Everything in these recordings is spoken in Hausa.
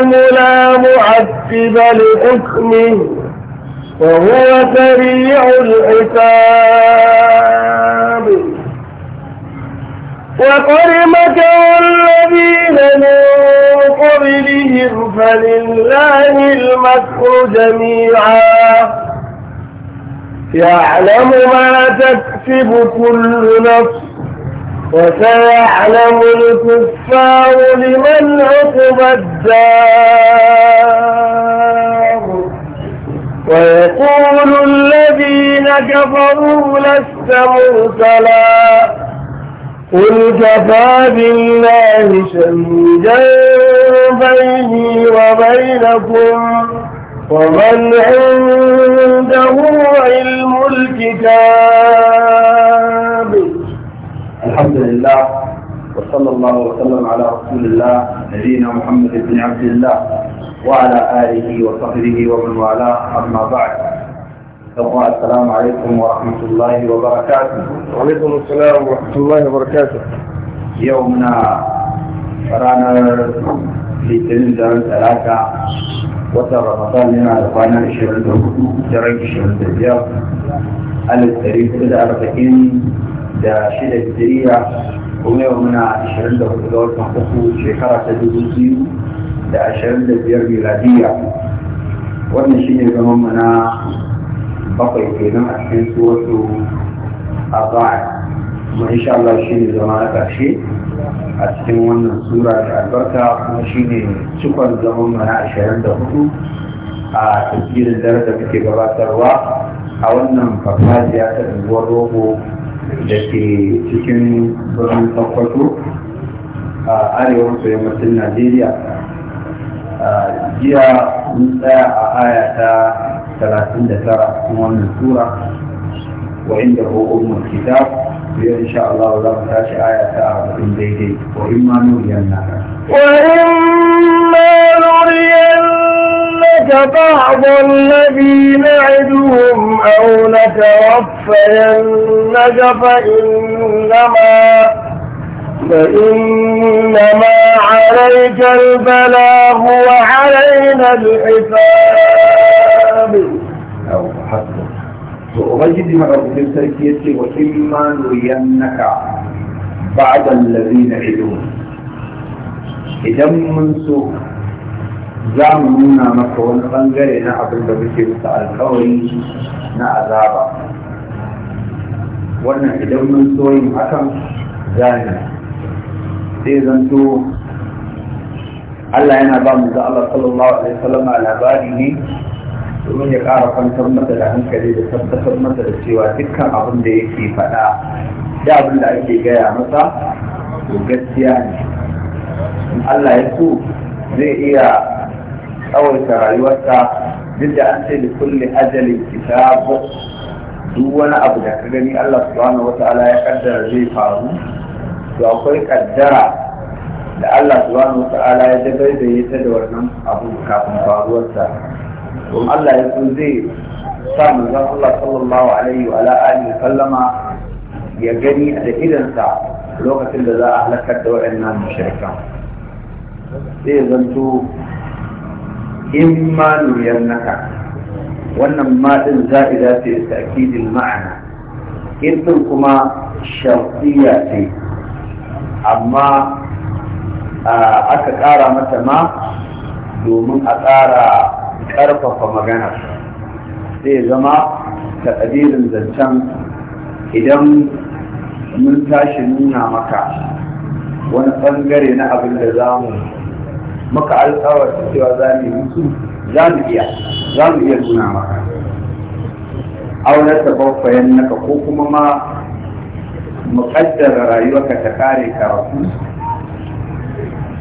لا معذب لحكمه وهو سريع الحساب وقد مكروا الذين من قبلهم فلله المكر جميعا يعلم ما تكسب كل نفس وسيعلم الكفار لمن عقب الدار ويقول الذين كفروا لست مرسلا قل كفى بالله شهيدا بيني وبينكم ومن عنده علم الكتاب الحمد لله وصلى الله وسلم على رسول الله نبينا محمد بن عبد الله وعلى آله وصحبه ومن والاه أما بعد السلام عليكم ورحمة الله وبركاته وعليكم السلام ورحمة الله وبركاته يومنا رانا في daren talata watan وترى yana da kwana 24 daren 25 alif 440 da shida hijiriya kuma yau muna 24 ga watan uku shekara ta dubu biyu da ashirin da biyar miladiya wannan shi ne zaman mana bakwai kenan a cikin suratu a ba'a kuma insha Allah shi ne zama na ƙarshe a cikin wannan sura da albarka kuma shi ne cikon zaman mana ashirin da hudu a tafiyar da muke gabatarwa a wannan farfajiya ta unguwar rogo da ke cikin birnin kwakwato a arewa maso yammacin najeriya jiya mun tsaya a aya ta 39 cikin wannan sura wa inda hukun kitab biyar insha Allah za mu tashi aya ta 40 daidai wa imma nuriyan naka يأتينك بعض الذي نعدهم أو نتوفينك فإنما فإنما عليك البلاغ وعلينا الحساب أو حسب فأبجد ما أقول تركيتي وإما نرينك بعض الذين نعدهم إذا من سوء za mu nuna maka wani bangare na abin da muke musu alkawari na azaba wannan idan mun so yin hakan ne. sai zanto Allah yana ba mu da Allah sallallahu alaihi wasallam labari ne domin ya ƙara kwantar masa da hankali da tabbatar masa da cewa dukkan abin da yake faɗa da abin da ake gaya masa to gaskiya ne in Allah ya so zai iya tsawaita rayuwarsa duk da an ce da kulle ajalin kitabu duk wani abu da ka gani Allah subhanahu wata'ala ya kaddara zai faru to akwai kaddara da Allah subhanahu wata'ala ya dabai da ta da wannan abu kafin faruwarsa don Allah ya so zai sa manzon Allah sallallahu alaihi wa alihi sallama ya gani da idansa lokacin da za a halakar da waɗannan mushrikan sai zanto in ma nuriyannaka wannan maɗin din za'ida ce ta'kidil ma'ana in din kuma shartiya ce amma aka ƙara mata ma domin a ƙara ƙarfafa magana zai zama taɗadirin zancen idan mun tashi nuna maka wani ɓangare na abin da za mu maka alƙawar cewa za mu yi musu za mu iya za mu iya nuna maka aular da bakwayen naka ko kuma ma mu rayuwarka ta kare karatu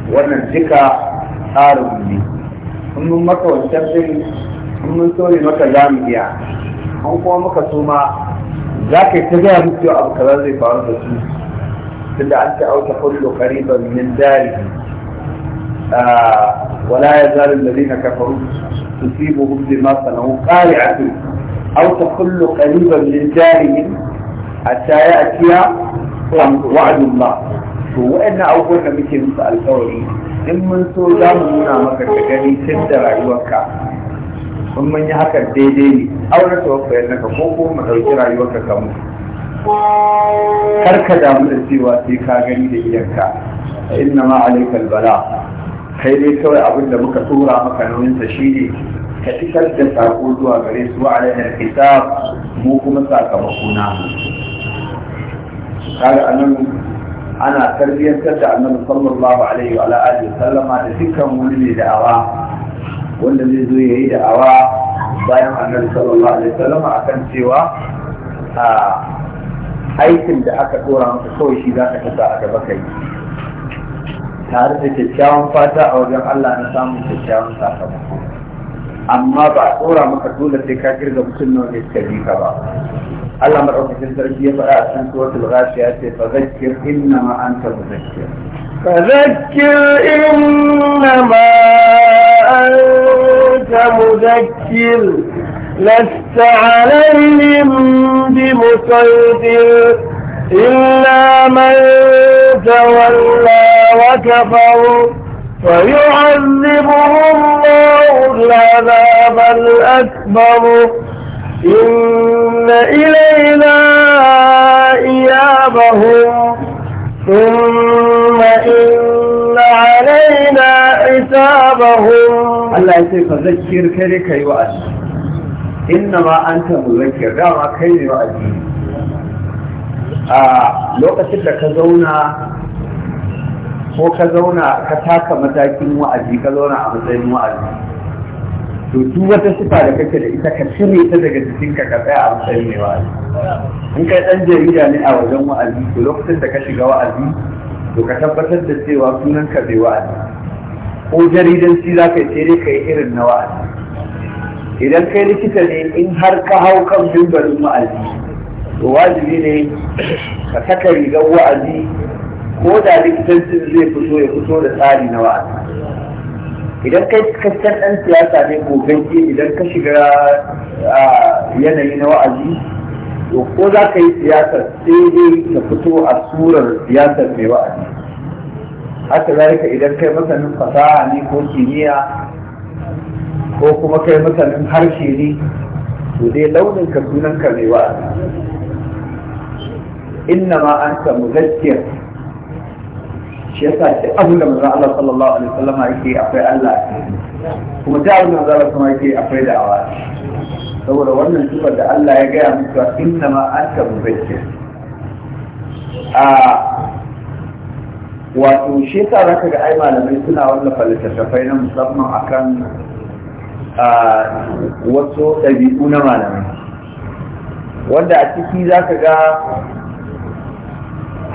wannan duka tsarin ne in mun maka wancan din in mun so ne maka za mu iya an kuma maka so ma za ka yi ta gaya musu abu kaza zai faru da su tunda an ta auta kullu qariban min darihi ولا يزال الذين كفروا تصيبهم بما صنعوا قارعة أو تخل قريبا من جارهم حتى يأتي وعد الله وإن أول نبيك مثل القولي in mun so za mu nuna maka ka gani tun da rayuwarka in mun yi haka daidai ne aure ta wasu ko ko mu ɗauki rayuwarka ka mu kar ka damu da cewa sai ka gani da iyanka ina ma alaikal bala kai dai kawai abin da muka tura maka nauyinsa shine ka isar da sako zuwa gare su wa alaihi hisab mu kuma sakamako na kaga anan ana tarbiyyantar da annabi sallallahu alaihi wa alihi sallama da dukkan wani mai da'awa wanda zai zo yayi da'awa bayan annabi sallallahu alaihi sallama akan cewa a ah, aikin da aka dora maka kawai shi za ka kasa a gaba kai tare da kyakkyawan fata a wajen Allah na samun kyakkyawan sakamako amma ba a tsora maka dole sai ka girga mutum nawa ne suka bi ka ba Allah madaukakin sarki ya faɗa a cikin suratul ghashiya ce fa zakkir inna ma anta muzakkir fa zakkir inna ma anta muzakkir lasta alaihim bimusaytir illa man tawalla كفروا فيعذبه الله العذاب الأكبر إن إلينا إيابهم ثم إن علينا حسابهم الله يسير فذكر كذلك يؤس إنما أنت مذكر دعما كيف يؤسي a lokacin da ka zauna ko ka zauna ka taka matakin wa'azi ka zauna a matsayin wa'azi to duk wata sifa da kake da ita ka cire ta daga jikinka ka tsaya a matsayin mai wa'azi in kai dan jarida ne a wajen wa'azi to lokacin da ka shiga wa'azi to ka tabbatar da cewa sunan ka bai wa'azi ko jaridan jaridanci za ka yi sai ka yi irin na wa'azi idan kai likita ne in har ka hau kan mimbarin wa'azi to wajibi ne ka saka rigar wa'azi ko da likitancin zai fito ya fito da tsari na wa'azi idan kai cikakken ɗan siyasa ne gogagge idan ka shiga yanayi na wa'azi to ko za ka yi siyasar sai dai ka fito a surar siyasar mai wa'azi haka zalika idan kai masanin fasaha ne ko kimiyya ko kuma kai masanin harshe ne to dai launin ka sunan ka mai wa'azi inna ma anta muzakkir shi yasa duk abin da manzon Allah sallallahu alaihi wasallam yake akwai Allah kuma duk abin da manzon Allah sallallahu alaihi wasallam yake akwai da'awa saboda wannan sifar da Allah ya gaya musu a inna ma anta mubashir a wato shi yasa zaka ga ai malamai suna wallafa littattafai na musamman akan a wasu ɗabi'u na malamai wanda a ciki zaka ga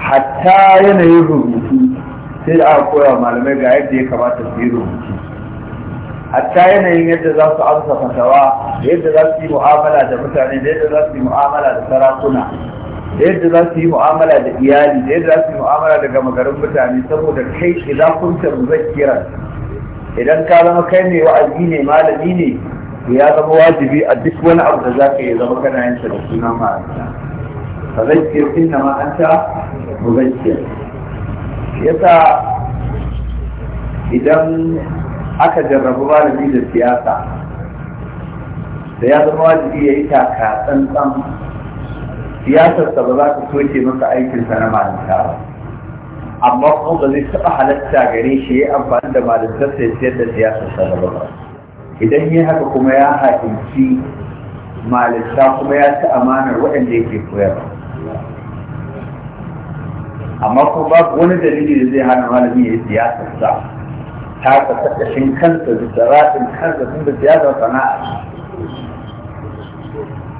hatta yanayin rubutu sai da aka koya malamai ga yadda ya kamata su yi rubutu hatta yanayin yadda za su amsa fatawa da yadda za su yi mu'amala da mutane da yadda za su yi mu'amala da sarakuna da yadda za su yi mu'amala da iyali da yadda za su yi mu'amala da gama mutane saboda kai idan kun tarzakira idan ka zama kai mai wa'azi ne malami ne ya zama wajibi a duk wani abu da za ka yi zama kana yin sa da sunan ma'aikata fa zakkir inna ma anta muzakkir yasa idan aka jarrabu malami da siyasa da ya zama wajibi ya yi taka tsantsan siyasarsa ba za ta soke masa aikinsa na malinta ba amma kuma ba zai taɓa halatta gare shi ya amfani da malintarsa ya siyar da siyasarsa gaba ba idan yi haka kuma ya haɗinci malinta kuma ya ci amanar waɗanda yake koyarwa amma ko babu wani dalili da zai hana malami ya yi siyasar sa ta shin kansa da zarafin kansa tun da siyasar sana'a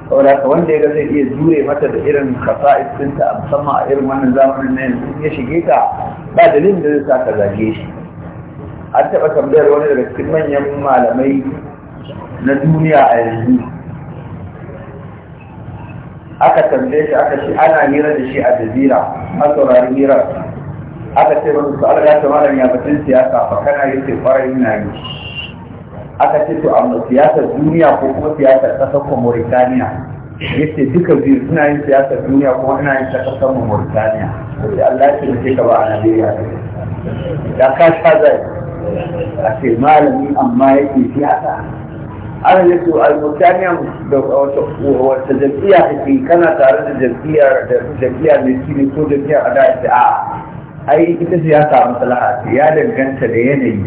saboda ka wanda ya ga zai iya jure mata da irin kasa'is ɗinta a musamman a irin wannan zamanin na yanzu ya shige ka ba dalilin da zai sa ka zage shi an taɓa tambayar wani daga cikin manyan malamai na duniya a yanzu aka tambaye shi aka shi ana hira da shi a jazira a saurari hirar aka ce masu su alga ta malam ya batun siyasa fa kana yi ce kwarai na yi aka ce to amma siyasar duniya ko kuma siyasar ƙasar ko Mauritania yace duka biyu suna yin siyasar duniya kuma ina yin ta ƙasar mu Mauritania sai Allah ya ce ka ba a Najeriya da ka sha zai a ce malami amma yake siyasa ana yi su al-mutaniyam da wata jam'iyya ke kana tare da jam'iyyar da jam'iyya ne shine ko jam'iyyar ada ce a ai ita ce ya samu maslaha ce ya danganta da yanayi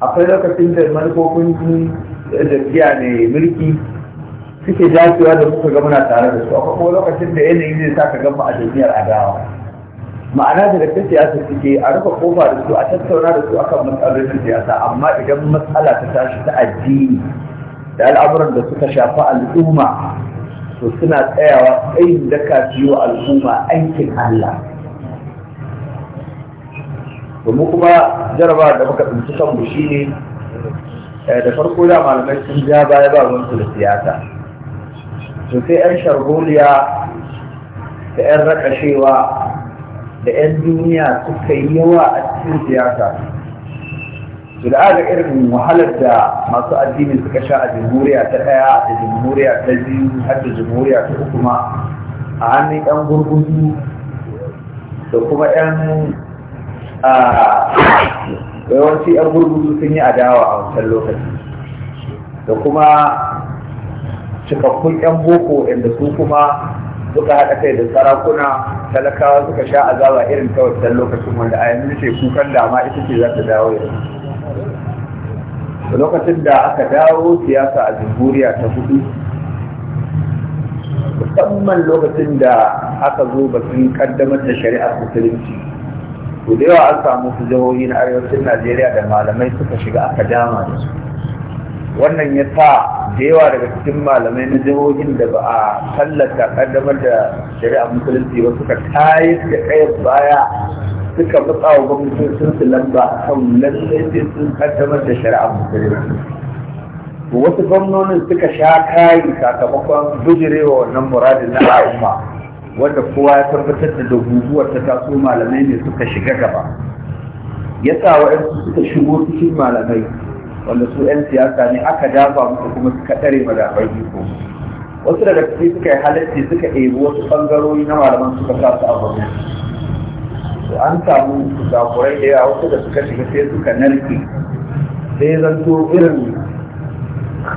akwai lokacin da manufofin jam'iyya ne mulki suke dacewa da muka gama muna tare da su akwai kuma lokacin da yanayi zai sa ka gama a jam'iyyar adawa ma'ana da daga siyasa suke a rufe kofa da su a tattauna da su akan matsalolin siyasa amma idan matsala ta tashi ta addini da al'amuran da suka shafi al'umma to suna tsayawa tsayin da ka wa al'umma aikin Allah domin kuma jaraba da muka tsinci kanmu shine eh, da farko da malamai sun ja baya ba ruwansu da siyasa to sai 'yan sharholiya da 'yan rakashewa da 'yan duniya suka yi yawa a cikin siyasa to da aka irin wahalar da masu addini suka sha a jamhuriya ta ɗaya da jamhuriya ta biyu har da jamhuriya ta uku ma a hannun yan gurgudu da kuma yan yawanci yan gurgudu sun yi adawa a wancan lokaci da kuma cikakkun yan boko inda su kuma suka haɗa kai da sarakuna talakawa suka sha azaba irin ta wancan lokacin wanda a yanzu ce kukan dama ita ce za ta dawo yanzu lokacin da aka dawo siyasa a jamhuriya ta hudu musamman lokacin da aka zo batun kaddamar da shari'ar musulunci ku da yawa an samu su jihohi na arewacin najeriya da malamai suka shiga aka dama da su wannan ya sa da yawa daga cikin malamai na jihohin da ba a tallata kaddamar da shari'ar musulunci ba suka tayar da kayan baya suka matsa wa sun su lamba a kan lallai sai sun kaddamar da shari'a musulmi wasu gwamnonin suka sha kayi sakamakon bijirewa wannan muradin na al'umma wanda kowa ya tabbatar da guguwar ta taso malamai ne suka shiga gaba ya sa wa'yansu suka shigo cikin malamai wanda su 'yan siyasa ne aka dafa musu kuma suka ɗare madafar iko wasu daga ciki suka yi halatti suka ɗebi wasu ɓangarori na malaman suka sa su a gwamnati su an samu kusakurai da yawa wasu da suka shiga sai suka narke sai zanto irin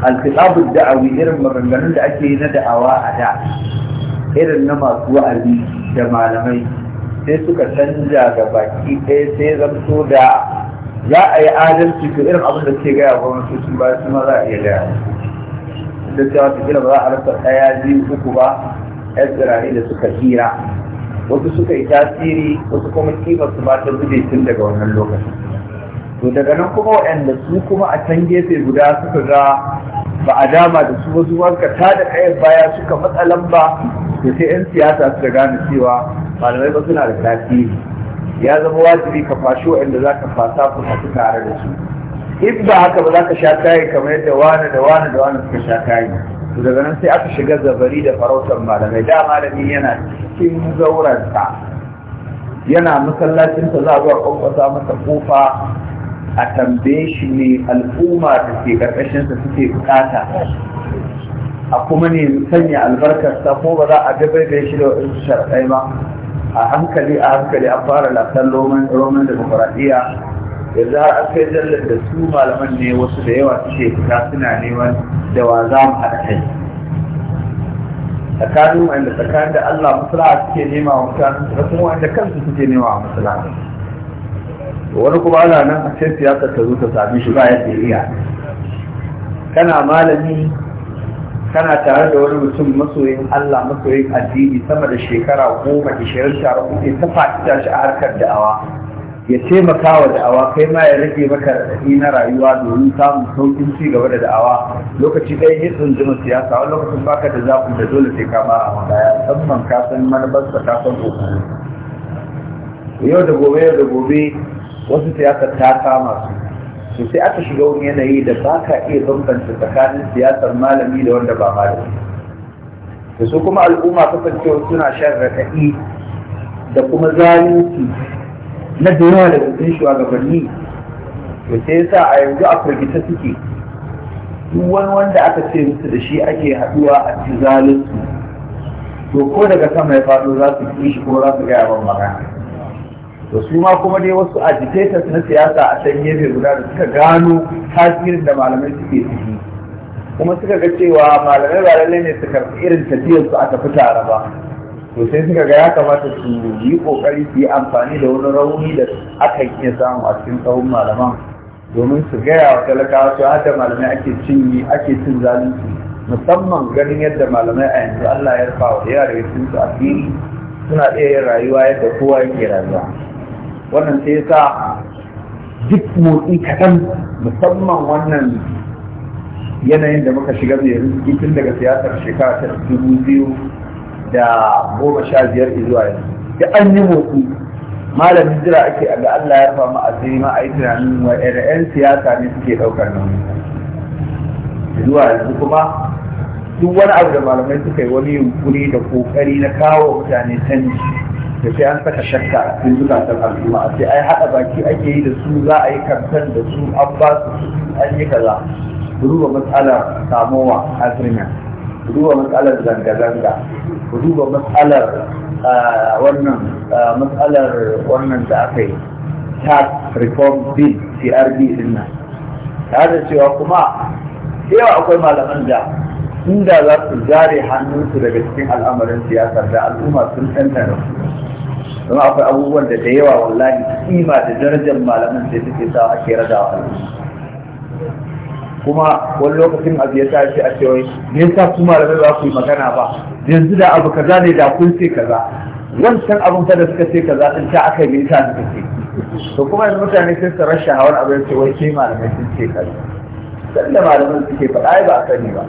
alfisabun da'awi irin maganganun da ake yi na da'awa a da irin na masu wa'azi da malamai sai suka canja ga baki ɗaya sai zanto da za a yi adalci to irin abin da ke gaya gwamnatocin ba su ma za a iya gaya da cewa ta ba za a rasa ɗaya biyu uku ba yan tsirari da suka hira wasu suka yi tasiri wasu kuma kifar su ba ta zube tun daga wannan lokacin to daga nan kuma waɗanda su kuma a can gefe guda suka ga ba a dama da su wasu wanka ta da kayan baya suka matsa lamba to sai 'yan siyasa suka gane cewa malamai ba suna da tasiri ya zama wajibi ka fashi waɗanda za ka fasa ku tafi tare da su in ba haka ba za ka sha kayi kamar yadda wani da wani da wani suka sha kayi daga nan sai aka shiga zabari da farautar malamai da malami yana cikin zauransa yana masallacinsa za a zuwa kwakwasa masa kofa a tambaye shi ne al'umma da ke karkashinsa suke bukata a kuma ne sanya albarkarsa ko ba za a gabai da shi da waɗansu sharaɗai ba a hankali a hankali an fara latar roman da demokuraɗiyya yanzu har an kai zallar da su malaman ne wasu da yawa suke fita suna neman da wa za mu haɗa kai tsakanin wanda tsakanin da Allah musulaha suke nema wa mutane da kuma wanda kansu suke nema wa musulaha wani kuma ana nan a ce siyasa ta zo ta sami shi ba yadda iya kana malami kana tare da wani mutum masoyin Allah masoyin addini sama da shekara goma ishirin tare kuke ta faɗi shi a harkar da'awa ya taimaka wa da'awa kai ma ya rage maka raɗaɗi na rayuwa domin samun saukin ci gaba da da'awa lokaci ɗaya ya tsunjima siyasa wani lokacin baka da zafin da dole sai ka ba a mabaya musamman ka san sa ka san kokari yau da gobe yau da gobe wasu siyasar ta kama su to sai aka shiga wani yanayi da ba ka iya bambanta tsakanin siyasar malami da wanda ba malami da su kuma al'umma kasancewa suna shan raɗaɗi da kuma zalunci na da yawa daga cikin shugabanni to sai yasa a yanzu a firgita suke duk wani wanda aka ce musu da shi ake haduwa a tizalin to ko daga sama ya faɗo za su ki shi ko za su gaya ban magana to su ma kuma dai wasu agitators na siyasa a can gefe guda da suka gano tasirin da malamai suke ciki kuma suka ga cewa malamai ba lallai ne su karɓi irin tafiyar su aka fi tare ba to sai suka ga ya kamata su yi kokari su yi amfani da wani rauni da aka iya samu a cikin tsawon malaman domin su gaya wa talakawa su hada malamai ake cinye ake cin zalunci musamman ganin yadda malamai a yanzu Allah ya rufa wa yara ya su a fili suna iya yin rayuwa yadda kowa yake rayuwa wannan sai yasa duk motsi kaɗan musamman wannan yanayin da muka shiga mai rikici daga siyasar shekara ta dubu biyu da goma sha biyar zuwa yanzu da an yi malamin jira ake a ga Allah ya rufa mu asiri ma a yi tunanin wa ƴan siyasa ne suke ɗaukar nan zuwa yanzu kuma duk wani abu da malamai suka yi wani yunkuri da kokari na kawo mutane canji da sai an saka shakka a cikin zukatan al'umma sai ai haɗa baki ake yi da su za a yi kamfen da su an ba su an yi kaza duba matsalar samowa azirman ku duba matsalar zanga-zanga ku duba matsalar ah, wannan ah, matsalar wannan da aka yi tax reform bill crb din nan tare da cewa kuma yawa akwai malaman da inda za su jare hannunsu daga cikin al'amarin siyasar da al'umma sun tantana Kuma akwai abubuwan da da yawa wallahi kima da darajar malaman da suke sa ake radawa al'umma kuma wani lokacin abu ya tashi a cewa me yasa kuma da za ku yi magana ba yanzu da abu kaza ne da kun ce kaza wancan abin fa da suka ce kaza din ta aka yi ta suka ce to kuma yanzu mutane sai su rashin hawan abin ce wai ke malamai sun ce kaza dan da malaman suke faɗa ai ba a sani ba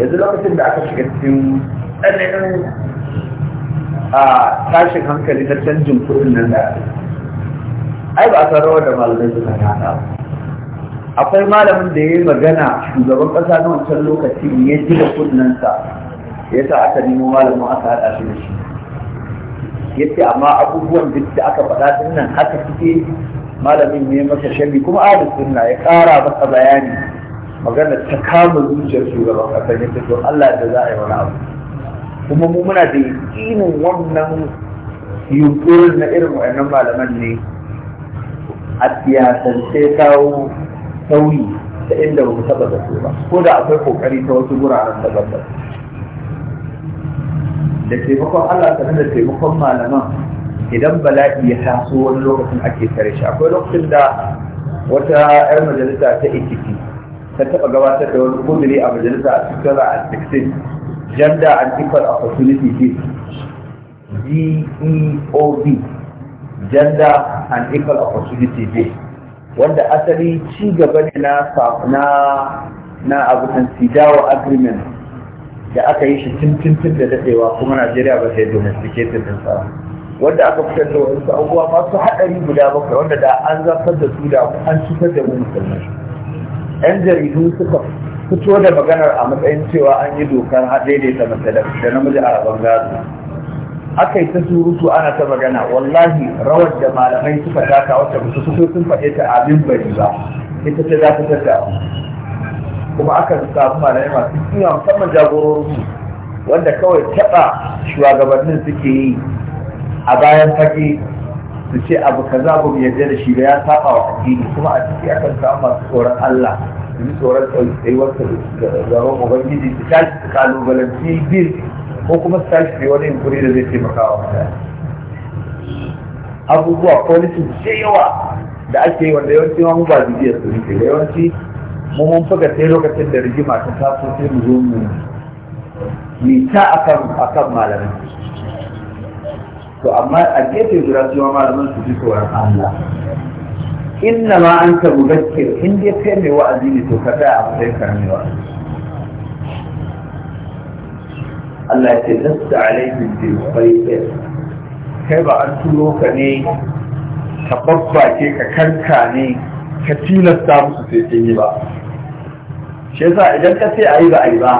yanzu lokacin da aka shiga cikin tsananin a tashin hankali na canjin kuɗin nan da ai ba a san rawar da malamai suka gana ba akwai malamin da ya yi magana shugaban ƙasa na wancan lokaci ya ji da kunnansa ya sa aka nemo malamin aka haɗa shi da shi ya ce amma abubuwan duk da aka faɗa din nan haka suke malamin ne masa shari kuma ahlus sunna ya ƙara masa bayani magana ta kama zuciyar shugaban ƙasa ya ce to Allah da za a yi wani abu kuma mu muna da yakinin wannan yunƙurin na irin wa'annan malaman ne a siyasance kawo Sauri ta inda ba mu taɓa zato ba ko da akwai kokari ta wasu wuraren tabbatar da taimakon Allah sanar da taimakon malaman idan bala'i ya taso wani lokacin ake tare shi akwai lokacin da wata 'yar majalisa ta ikiti ta taɓa gabatar da wani kudiri a majalisa a cikin a 16 gender and a opportunity bill geob gender and equal opportunity bill wanda asali ci gaba ne na na na abutan sidawa agreement da aka yi shi tintintin da dadewa kuma najeriya ba sai yi domesticated din sa wanda aka fitar da wasu abubuwa masu haɗari guda bakwai wanda da an zafar da su da an cutar da mu musulmai yan jaridu suka fito da maganar a matsayin cewa an yi dokar haɗe da ta da namiji a rabon gado aka yi ta surutu ana ta magana wallahi rawar da malamai suka taka wata ba su fito sun faɗe ta abin bari ba ita ce za ta tattawa kuma aka samu malamai masu iya musamman jagororinsu wanda kawai taɓa shugabannin suke yi a bayan fage su ce abu ka za mu yarda da shi ba ya saba wa addini kuma a ciki akan samu masu tsoron Allah su ji tsoron tsayuwarsa da zaron Ubangiji su tashi su kalubalanci ko kuma su tashi wani yunkuri da zai taimaka wa mutane abubuwa policies da yawa da ake yi wanda yawanci mu ba zai su ne da yawanci mu mun fuka sai lokacin da rigima ta taso sai mu zo mu nita akan akan malamin to amma a gefe guda su malaman su ji tsoron Allah inna ma anta mudakkir in dai kai mai wa'azi ne to ka tsaya a matsayin ka Allah ya ce lasta alaihi bil bayyin kai ba an turo ka ne ka babbace ka kanka ne ka tilasta musu sai sun yi ba shi yasa idan ka sai ayi ba ayi ba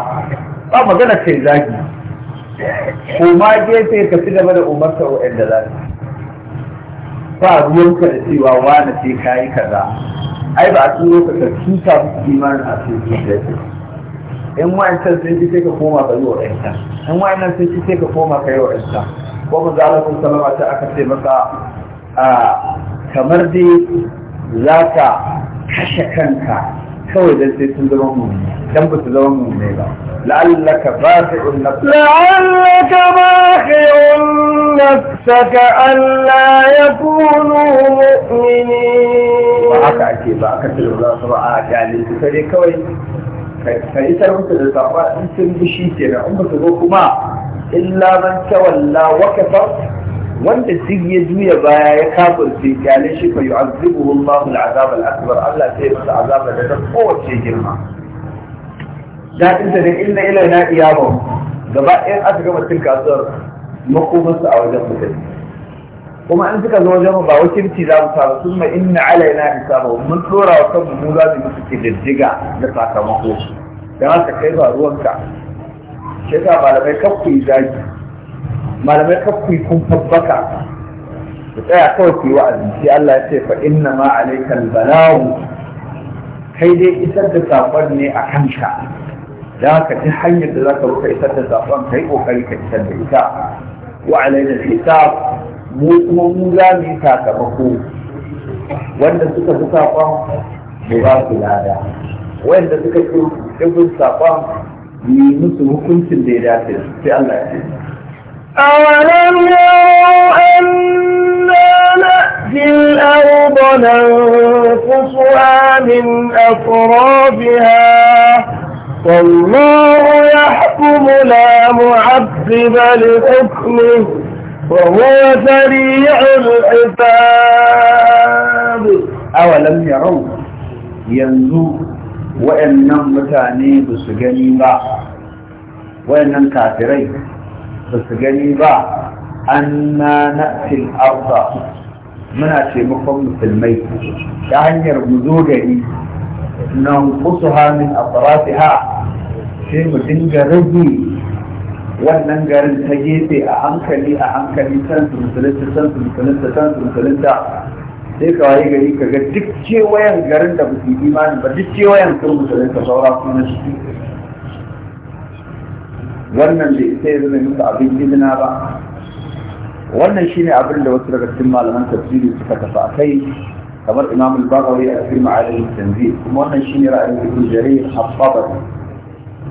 ba magana kai zagi ko ma gefe ka ci gaba da umarta wa'anda za su ba ka da cewa wani sai kayi kaza ai ba a turo ka ka tuta musu imanin a cikin zuciya Yan wa'ancan sun ci sai ka koma ka yi wa ɗansa in wa'annan sun ci sai ka koma ka yi wa ɗansa ko mu za a salama ta aka ce masa kamar dai za ka kashe kanka kawai dan sai sun zama mu dan ba su zama mu ne ba la'allaka baqi'un nafsaka la'allaka baqi'un nafsaka alla yakunu mu'minin ba haka ake ba aka ce za su ba a jalin sai kawai ka isar musu da safa in sun bi shi kenan in ba kuma illa man tawalla wa kafar wanda duk ya juya baya ya kafirce kyale shi fa yu'azzibuhu Allahu al-azab Allah sai masa azaba da ta kowace girma da dan illa ila na iyabu gaba ɗayan aka gama cin kasuwar su a wajen mutane kuma in suka zo wajen ba wakilci za mu samu sun ma inna alaina hisabu mun tsora wa kanmu mu za mu musu kididdiga da sakamako dan haka kai ba ruwanka sai ta malamai kaf ku zaki malamai kaf ku kun tabbaka ku tsaya kawai ku yi wa'azi sai Allah ya ce fa inna ma alaikal bala'u kai dai isar da sakon ne a kanka da haka ta hanyar da za ka ruka isar da sakon kai kokari ka isar da ita wa alaikal hisab mu kuma mu za mu yi sakamako wanda suka fi saƙon mu ba su lada wanda suka fi ɗigun saƙon yi musu hukuncin da ya dace sai Allah ya ce أولم يروا أنا نأتي الأرض ننقصها من أطرافها والله يحكم لا معقب لحكمه وهو سريع العتاب أولم يروا ينزو وإن متاني بسجني با وإن كافرين بسجني با أنا نأتي الأرض من أتي مقوم في الميت يعني رمزوجني ننقصها من أطرافها في مدنجة رجي wannan garin ta gefe a hankali a hankali san su musulunta san su musulunta san su musulunta sai ka waye gari ka ga duk kewayen garin da musu imanin ba duk kewayen sun musulunta saura kuma su wannan bai sai zama musu abin izina ba wannan shine abin da wasu daga cikin malaman tafsiri suka tafi a kai kamar imam al-baghawi a cikin ma'alim tanzil kuma wannan shine ra'ayin ibn jarir al-tabari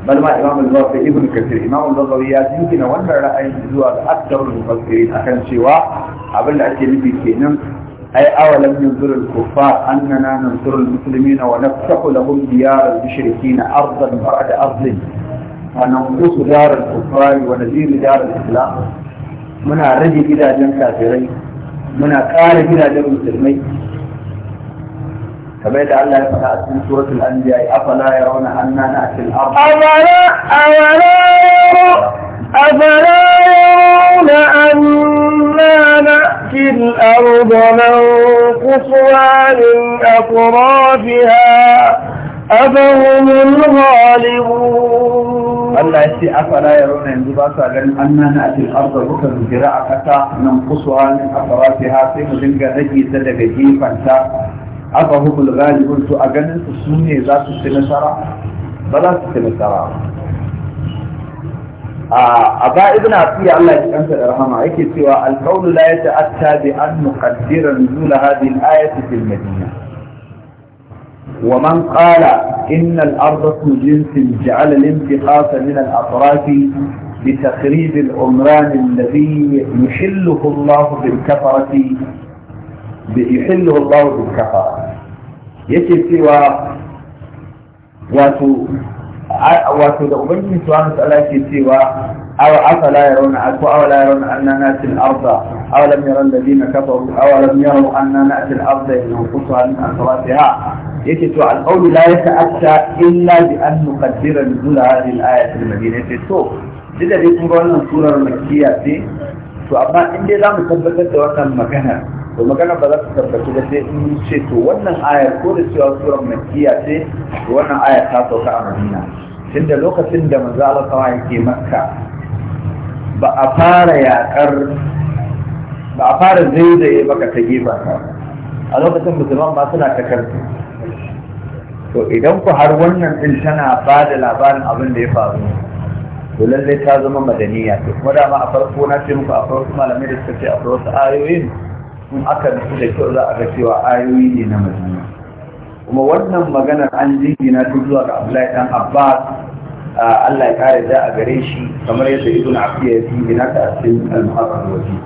بلما إمام imam al-Bukhari ibn Kathir imam al-Bukhari ya jingina wannan ra'ayin zuwa ga aktarul mufassirin أي أولم ينظر الكفار أننا ننصر المسلمين ونفتح لهم ديار المشركين أرضا بعد أرض وننقص دار الكفار ونزيل دار الإسلام منا رجي إلى في كافرين منا قال إلى في مسلمين كما يدعى الله يفعل في سورة الأنبياء أفلا يرون أننا نأتي الأرض أفلا أفلا يرون أفلا يرون أننا نأتي الأرض ننقصها من أطرافها أفهم الغالبون Allah ya ce afala ya rauna yanzu ba sa ganin an nana ake arda muka zira a kasa nan kusuwa min afarafi ha sai mu dinga rage ta daga gefanta aka hukul galibin to a ganin su su ne za su ci nasara ba za su ci nasara a ba ibn asiya Allah ya kanta da rahama yake cewa alqawlu la yata'atta bi an nuqaddira nuzul hadhihi al-ayati fil madina wa man qala inna al-ardha jinsin ja'ala al-intiqasa min al-atraf بتخريب العمران الذي يحله الله بالكفرة يحله الله بالكفرة yake cewa wato wato da ubangiji subhanahu ta'ala yake cewa aw afala yarawna aku aw la yarawna anna nati al-ardha aw lam yara alladhina kafaru aw lam yaraw anna nati al-ardha yanqusuha min atratiha yake to al-qawlu la yata'atta illa bi an nuqaddira nuzula hadhihi al-ayat al-madina yake to duk da dai kun ga wannan surar makkiya ce to amma in dai za mu tabbatar da wannan magana to magana ba za su tabbaci da sai in ce to wannan ayar ko da cewa surar makkiya ce to wannan ayar ta sauka a madina tunda lokacin da manzo Allah sawa yake makka ba a fara yakar ba a fara zaizaye maka ta gefa ka a lokacin musulman ba suna ta karfi to idan ku har wannan din tana ba da labarin abin da ya faru to lallai ta zama madaniya to kuma dama a farko na ce muku a farko malamai da suka ce a farko ayoyin in aka nufi da kyau za a ga cewa ayoyi ne na madina kuma wannan maganar an jingina ta zuwa ga abdullahi dan abbas Allah ya kare da a gare shi kamar yadda ibn afiya ya jingina ta a cikin al-muhaqqaq waji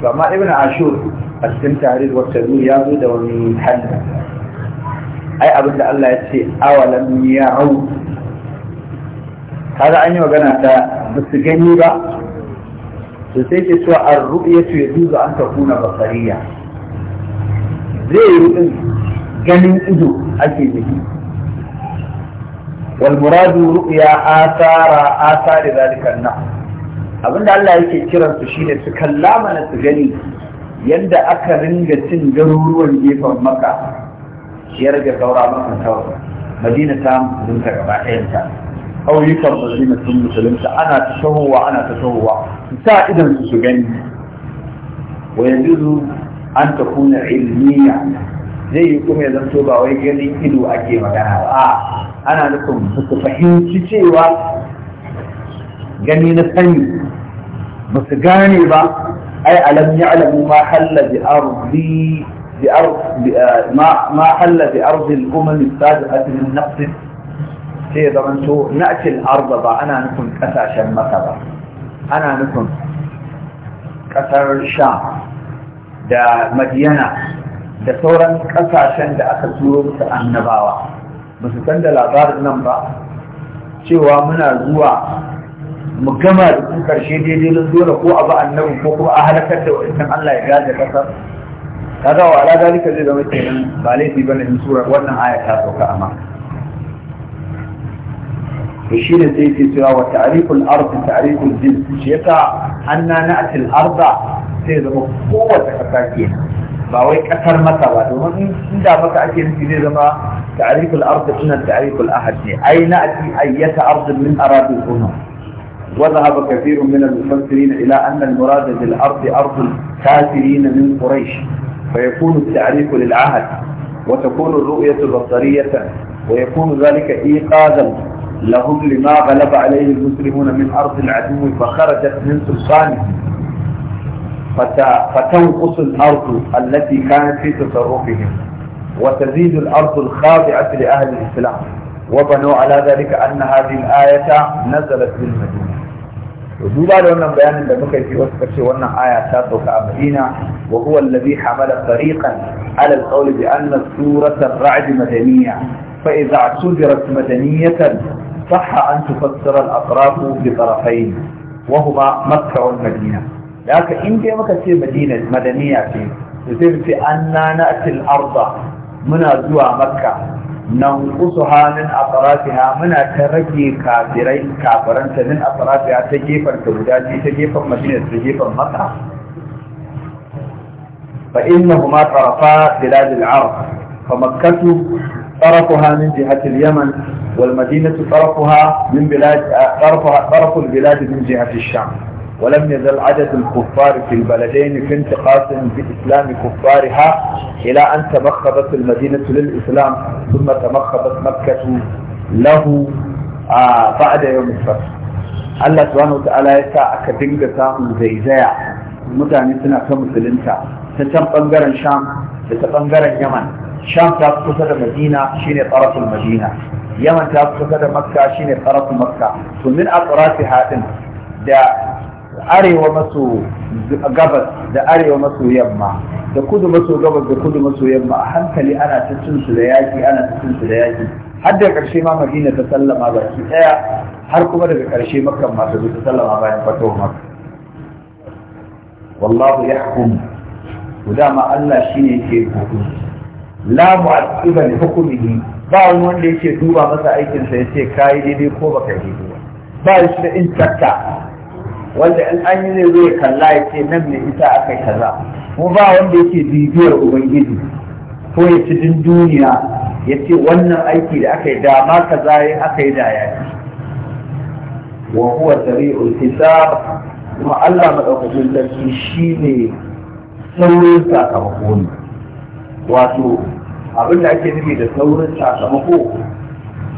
to amma ibn ashur a cikin tahrir wata ya zo da wani hadda ai abin da Allah ya ce awalam ya'u kaga an yi magana ta ba su gani ba to sai ke cewa an ru'ya to ya duza an ta kuna basariya zai yi ganin ido ake nufi wal muradu ru'ya asara asari zalika na abinda Allah yake kiransu shine su kalla mana su gani yadda aka ringa cin garuruwan gefen maka ya rage saura maka kawai madina ta ta gaba ɗayanta ƙauyukan madina sun musulunta ana ta shahowa ana ta shahowa su sa idan su su gani wa yanzu an ta kuna ilmiya zai yi kuma ya zanto ba wai ganin ido ake magana ba a ana nufin su fahimci cewa gani na sani ba su gane ba ai alam ya'lamu ma halla bi ardi bi ardi ma halla bi ardi al-umam as-sadiqati min nafsihi sai ya zamanto na'til arda ba ana nufin kasashen maka ba ana nufin kasar sha da madiyana da sauran kasashen da aka turo musu annabawa ba su san da labarin nan ba cewa muna zuwa mu gama da su karshe daidai don dole ko a ba ko kuma a halakar da wadannan Allah ya gaje kasar kaga wa ala zalika zai zama kenan ba laifi bane in sura wannan aya ta sauka amma وشينا تيتي سوا وتعريف الأرض تعريف الجن شيقا حنا نأتي الأرض تيزم قوة حتاكينا باوي كثر مطبع دون اندا بكاكين في ذي تعريف الأرض إن تعريف الأهد أي نأتي أي أرض من أراضي هنا وذهب كثير من المفسرين إلى أن المراد بالأرض أرض الكافرين من قريش فيكون التعريف للعهد وتكون الرؤية البصرية ويكون ذلك إيقاظا لهم لما غلب عليه المسلمون من أرض العدو فخرجت من سلطانه فتنقص الأرض التي كانت في تصرفهم وتزيد الأرض الخاضعة لأهل الإسلام وبنوا على ذلك أن هذه الآية نزلت بالمدينة وجوبا لنا بيان لبكي في الشيء وانا آية تاتوك أمدينة وهو الذي حمل فريقا على القول بأن سورة الرعد مدنية فإذا اعتذرت مدنية صح أن تفسر الأطراف بطرفين وهما مكة والمدينة لكن إن دي مكة مدينة مدنية في يصير في أننا نأتي الأرض من زوى مكة ننقصها من أطرافها من تركي كافرين كافرين من أطرافها تجيفا كبداتي تجيفا مدينة تجيفا مكة فإنهما طرفا بلاد العرب فمكة طرفها من جهة اليمن والمدينة طرفها من بلاد طرفها طرف البلاد من جهة الشام ولم يزل عدد الكفار في البلدين في انتقاص بإسلام كفارها إلى أن تمخضت المدينة للإسلام ثم تمخضت مكة له آه، بعد يوم الفتح الله سبحانه وتعالى يسعى sa من dinga samun zaizaya mutane suna الشام musulunta اليمن sham ta fi kusa da madina shine tsarafin madina yaman ta kusa da makka shine tsarafin makka to min a tsarafi haɗin da arewa maso gabas da arewa yamma da kudu maso gabas da kudu maso yamma a hankali ana ta cin su da yaƙi ana ta su da yaƙi har da ƙarshe ma madina ta sallama baki ɗaya har kuma daga ƙarshe makan masu ta sallama bayan fatawa maka wallahu yahkum dama Allah shine yake hukunci la mu'aqiba li hukmihi ba wanda yake duba masa aikin sa yace kai daidai ko baka yi daidai ba shi da intakta wanda in an yi zai zai kalla yace nan ne ita akai kaza mu ba wanda yake bibiyar ubangiji ko ya ci din duniya yace wannan aiki da aka yi da ma kaza yi aka yi da yayi wa huwa sari'ul hisab kuma Allah madaukakin sarki shine saurin sakamako ne wato abin da ake nufi da saurin sakamako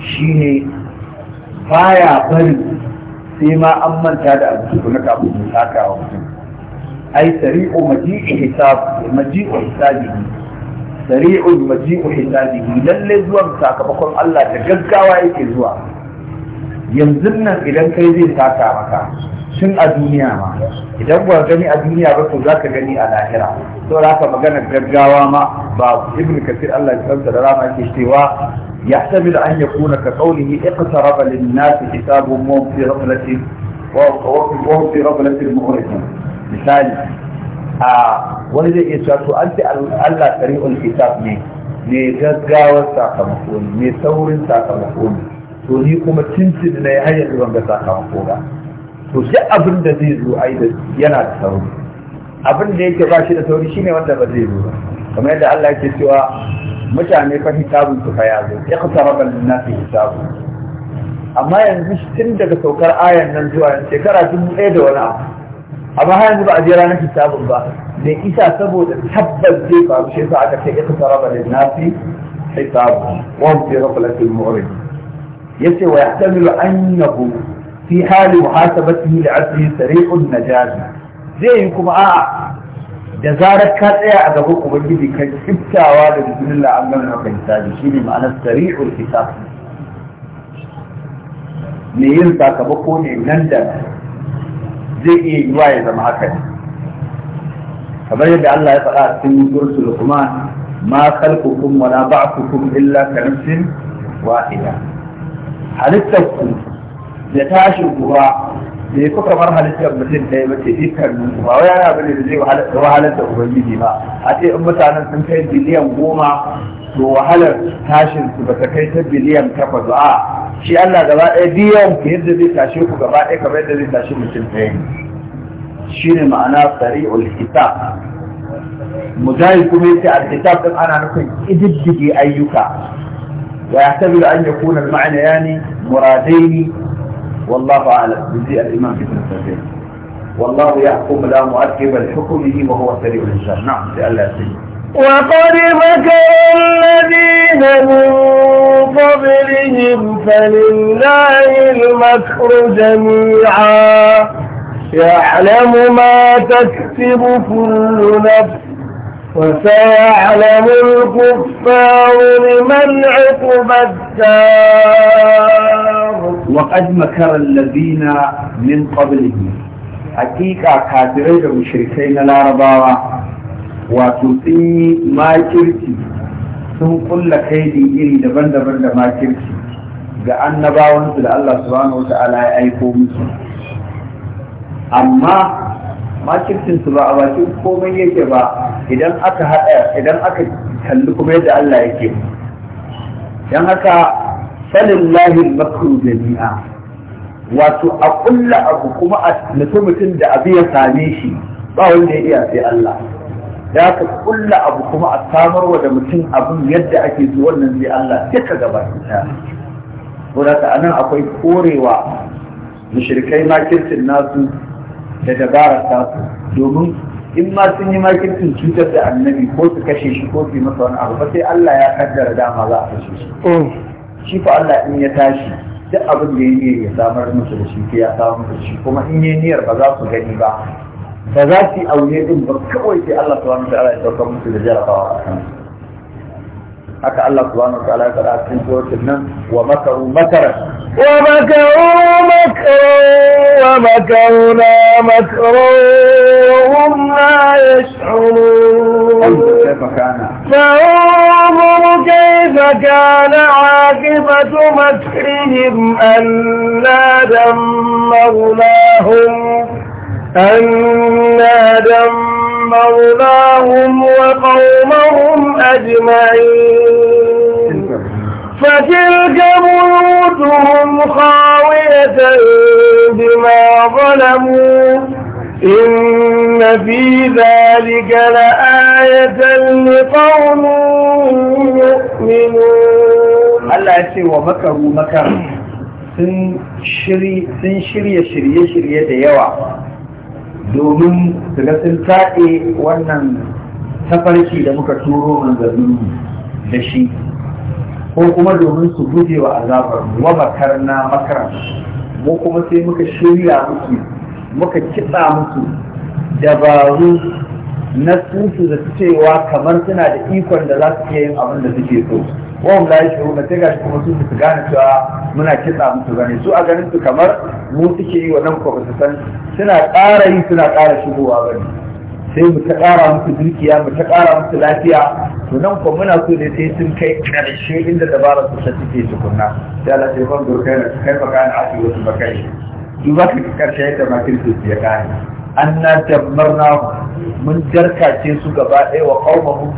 shine baya bari sai ma an manta da abu su na kafin mu saka wa mutum ai sari'u maji'u hisabi maji'u hisabi sari'u maji'u hisabi lalle zuwan sakamakon Allah da gaggawa yake zuwa yanzu nan idan kai zai saka maka tun a duniya ma idan ba gani a duniya ba to zaka gani a lahira to haka magana gaggawa ma ba ibnu kasir Allah ya tsanta da rama yake cewa يحتمل أن يكون كقوله اقترب للناس حسابهم وهم في fi وهم في غفلة مغرقة مثال wani zai iya cewa to an ce Allah tari'ul hisab ne ne gaggawar sakamako ne saurin sakamako ne to ni kuma cincin na ya hanyar ban ga sakamako ba to duk abin da zai zo ai da yana da sauri abin da yake ba shi da sauri shine wanda ba zai zo ba kamar yadda Allah yake cewa mutane fa hisabun su fa ya zo iqtaraba na fi hisabu amma yanzu tun daga saukar ayan nan zuwa yanzu shekara dubu ɗaya da wani abu amma har yanzu ba a je ranar hisabun ba da isa saboda tabbas zai faru shi yasa aka ce iqtaraba lin-nasi hisabu wa hum fi ghaflatin mu'rid yace wa yahtamilu annahu fi hali muhasabatihi li asli sarihun najaz zai yi kuma a'a da zarar ka tsaya a gaban ubangiji kan tsiftawa da bismillah an gama maka hisabi shine ma'anar sari'ul hisab ne yin sakamako ne nan da zai iya yiwa ya zama haka ne kamar yadda Allah ya faɗa a cikin suratul Luqman ma khalqukum wa la ba'thukum illa ka nafsin wahida halittarku da tashin uba da ya kuka mar halittar mutum ɗaya mace dukkanin ba wai yana bane da zai wahalar da ubangiji ba a ce in mutanen sun kai biliyan goma to wahalar tashin su bata kai ta biliyan takwas a shi Allah gaba ɗaya biyan ku yadda zai tashe ku gaba ɗaya kamar yadda zai tashe mutum ɗaya shi ne ma'ana sari'ul hisab mujahid kuma yace al-hisab din ana nufin ididdige ayyuka wa yahtabil an yakuna al-ma'na yani muradaini والله أعلم بذي الإمام في سفيان والله يحكم لا مؤكب لحكمه وهو سريع الانسان نعم لئلا يسير وقد مكر الذين من قبلهم فلله المكر جميعا يعلم ما تكسب كل نفس وسيعلم الكفار لمن عقب الدار وقد مكر الذين من قبلهم حقيقة كاترين المشركين العرباء وتوتي ما كرتي سن كل كيدي إلي دبن دبن ما كرتي لأن باون إلى الله سبحانه وتعالى أيقوم أما ما كرتي سبع أبا كرتي كومي يكي idan aka haɗa idan aka kalli kuma yadda Allah yake don haka sanin lahin makaru jami'a wato a kulla abu kuma a nufi mutum da abu ya same shi ba wanda ya iya sai Allah da haka kulla abu kuma a samarwa da mutum abin yadda ake so wannan sai Allah sai ka gaba ta anan akwai korewa mushrikai makircin nasu da dabarar tasu domin in ma sun yi makircin cutar da annabi ko su kashe shi ko su masa wani abu ba sai Allah ya kaddara dama za a kashe shi oh. shi fa Allah in ya tashi duk abin da ya yi ya samar musu da shi sai ya samar musu shi kuma in yi niyyar ba za su gani ba ba za su yi aure din ba kawai sai Allah subhanahu wa ta'ala ya saukar musu da jarabawa a kansu حكى الله سبحانه وتعالى قال اكن سورة النم ومكروا مكرا ومكروا مكرا ومكرنا مكرا وهم لا يشعرون كيف كان فانظر كيف كان عاقبة مكرهم أنا دمرناهم أنا دمرناهم وقومهم أجمعين فتلك بيوتهم خاوية بما ظلموا إن في ذلك لآية لقوم يؤمنون الله يتي ومكروا مكر شري سن شري شري شري, yawa domin su ga sun taɗe wannan tafarki da muka turo manzannin da shi ko kuma domin su guje wa azabar wa bakar na makara mu kuma sai muka shirya musu muka kitsa musu dabaru na su da cewa kamar suna da ikon da za su iya yin abin da suke so wahum la yashuruna sai gashi kuma su su gane cewa muna kitsa musu gane su a ganin su kamar mu suke yi wannan ko su san suna ƙara yi suna ƙara shigowa bane sai mu ta ƙara musu dukiya mu ta ƙara musu lafiya to nan ko muna so da sai sun kai ƙarshe inda dabara su ta su kunna sai Allah sai ban dokai na kai fa kana aki wasu bakai duba ka ƙarshe da makin su ya kare anna jammarnahu mun jarkace su gaba ɗaya wa qaumahum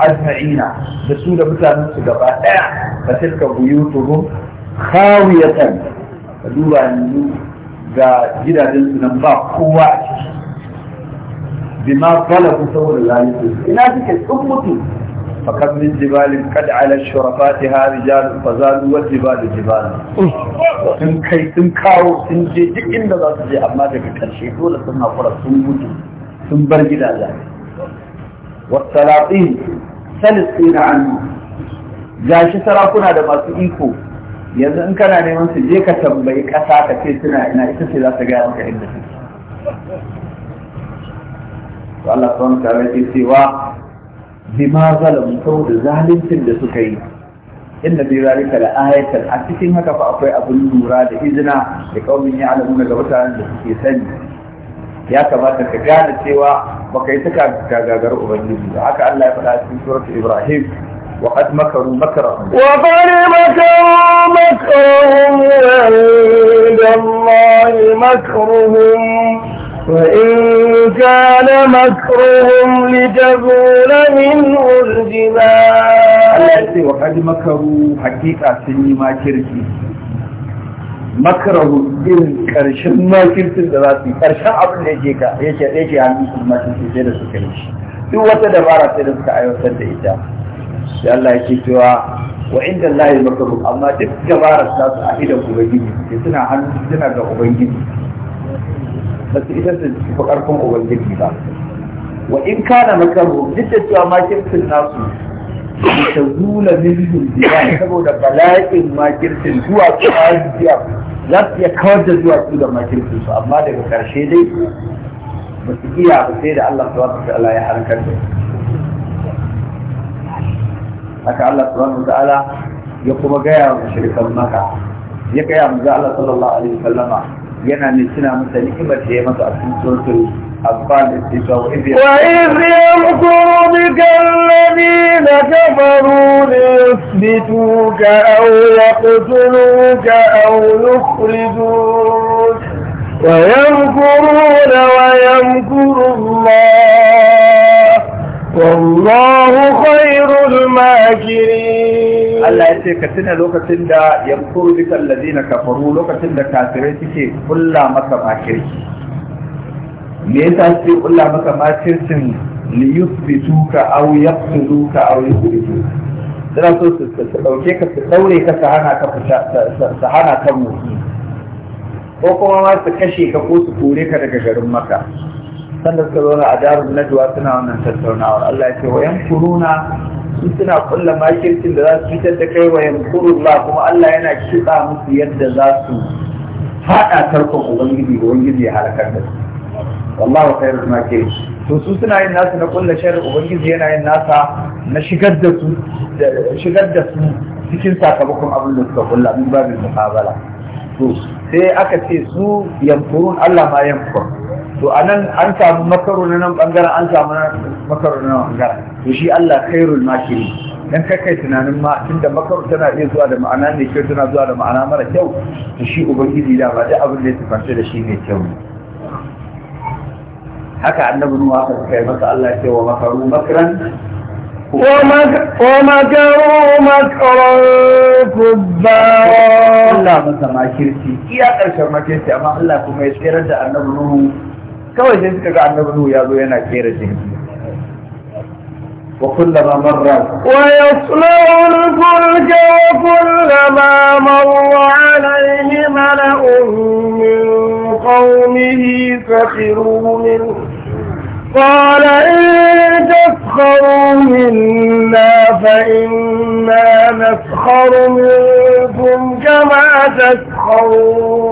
ajma'ina da su da mutanen su gaba ɗaya fa tilka buyutuhum khawiyatan ka duba yanzu ga gidajen su nan ba kowa a kala bima qalabu saboda lalisu ina suke sun mutu فكم من جبال قد على الشرفاتها رجال فزالوا والجبال جبال sun kai sun kawo sun je duk inda za su je amma daga karshe dole suna fara sun mutu sun bar gidaje wasalatin salisu na annu gashi sarakuna da masu iko yanzu in kana neman su je ka tambayi ƙasa ka ce suna ina ita ce za ta gaya maka inda take Allah subhanahu wa ta'ala cewa bima zalamu saboda zaluncin da suka yi inda bi zalika la ayatan a cikin haka fa akwai abin lura da izina da kaumin ya alamu daga mutanen da suke sani ya kamata ka gane cewa baka yi ta gagagar Ubangiji ba haka Allah ya faɗa cikin suratul Ibrahim wa qad makaru makara wa qad makaru makarahum wa Allahu makruhum وإن كان مكرهم لتزول منه الجبال. وقد مكروا حقيقة سني ما makarahu irin karshen makircin da za su yi karshen abin da yake ka yake yake hannun su makirci sai da suka yi shi duk wata dabara sai da suka aiwatar da ita sai Allah yake cewa wa inda Allah ya makaru amma duk dabara ta su a idan ubangiji sai suna hannu suna ga ubangiji ba su ita su fi karfin ubangiji ba wa in kana makaru duk da cewa makircin nasu ta zula minhum biyan saboda bala'in makircin zuwa tsari biya za su iya kawar da zuwa su da makirci su amma daga ƙarshe dai ba su iya ba sai da Allah subhanahu wa ta'ala ya harkar da haka Allah subhanahu wa ta'ala ya kuma gaya wa mushrikan maka ya gaya mu Allah sallallahu alaihi wasallama yana ne suna masa ni'imar da ya masa a cikin suratul وإذ يمكر بك الذين كفروا ليثبتوك أو يقتلوك أو يخرجوك ويمكرون ويمكر الله والله خير الماكرين الله يسير كتنا لو كتنا يمكر بك الذين كفروا لو كتنا كافرين تكي كل ما كفاكرين me yasa sai kulla maka makircin li yuthbituka aw yaqtuluka aw yuthbituka suna so su dauke ka su daure ka su hana ka su hana ka motsi ko kuma ma su kashe ka ko su kore ka daga garin maka Sannan suka zauna a darun najwa suna wannan tattaunawar Allah ya ce wa kuruna su suna kulla makircin da za su fitar da kai wa yankurullah kuma Allah yana kitsa musu yadda za su faɗa tarkon ubangiji ubangiji ya halakar da su wallahu khairul makirin to su suna yin nasu na kulla sharri ubangiji yana yin nasa na shigar da su shigar da su cikin sakamakon abin da suka kulla min babin muqabala to sai aka ce su yankurun Allah ma yankur to anan an samu makaro na nan bangaren an samu makaro na nan bangaren to shi Allah khairul makirin dan kai tunanin ma tunda makaro tana iya zuwa da ma'ana ne kyau tana zuwa da ma'ana mara kyau to shi ubangiji da ba da abin da ya tafanta da shi ne kyau ne haka annabi nuhu haka suka yi masa Allah ce wa makaru makran ومكروا مكرا كبارا الله مسا ما كيرتي يا قرشن ما كيرتي amma Allah kuma ya tsere da annabi nuhu kawai sai suka ga annabi nuhu ya zo yana tsere da وكلما مر ويصنع الفلك وكلما مر عليه ملأ من قومه سخروا منه قال إن تسخروا منا فإنا نسخر منكم كما تسخرون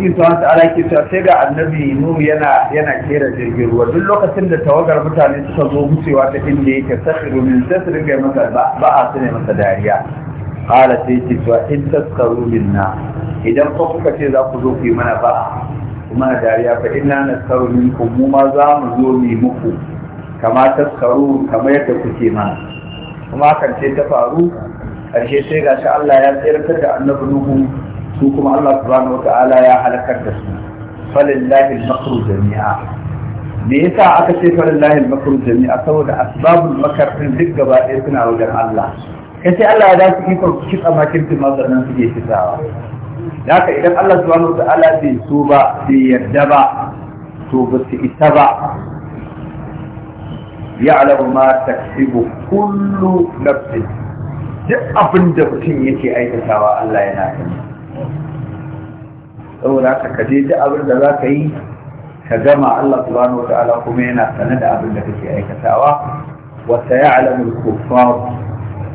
Ubangi su hannu ala cewa sai ga annabi Nuhu yana kera jirgin ruwa duk lokacin da tawagar mutane suka zo wucewa ta inda yake sakhiru min sai su ringa masa ba a sune masa dariya qala sai ce cewa in taskaru minna idan ko kuka ce za ku zo ku yi mana ba kuma dariya fa inna nasaru minkum mu ma za mu zo mu muku kama taskaru kamar yadda kuke mana kuma kan ce ta faru ƙarshe sai ga shi Allah ya tsirkar da annabi Nuhu su kuma Allah subhanahu wata'ala ya halakar da su falillahi al-makru jami'a me yasa aka ce falillahi al-makru jami'a saboda asbabul makar din duk gaba ɗaya suna wajen Allah kace Allah ya dace ikon kitsa makirtin mazanin suke kitawa da haka idan Allah subhanahu wa ta'ala bai so ba bai yarda ba to ba su isa ba ya'lamu ma taksibu kullu nafsin duk abin da mutum yake aikatawa Allah yana gani saboda ka je duk abin da za ka yi ka gama Allah subhanahu wa ta'ala kuma yana sane da abin da kake aikatawa wata ya al-kuffar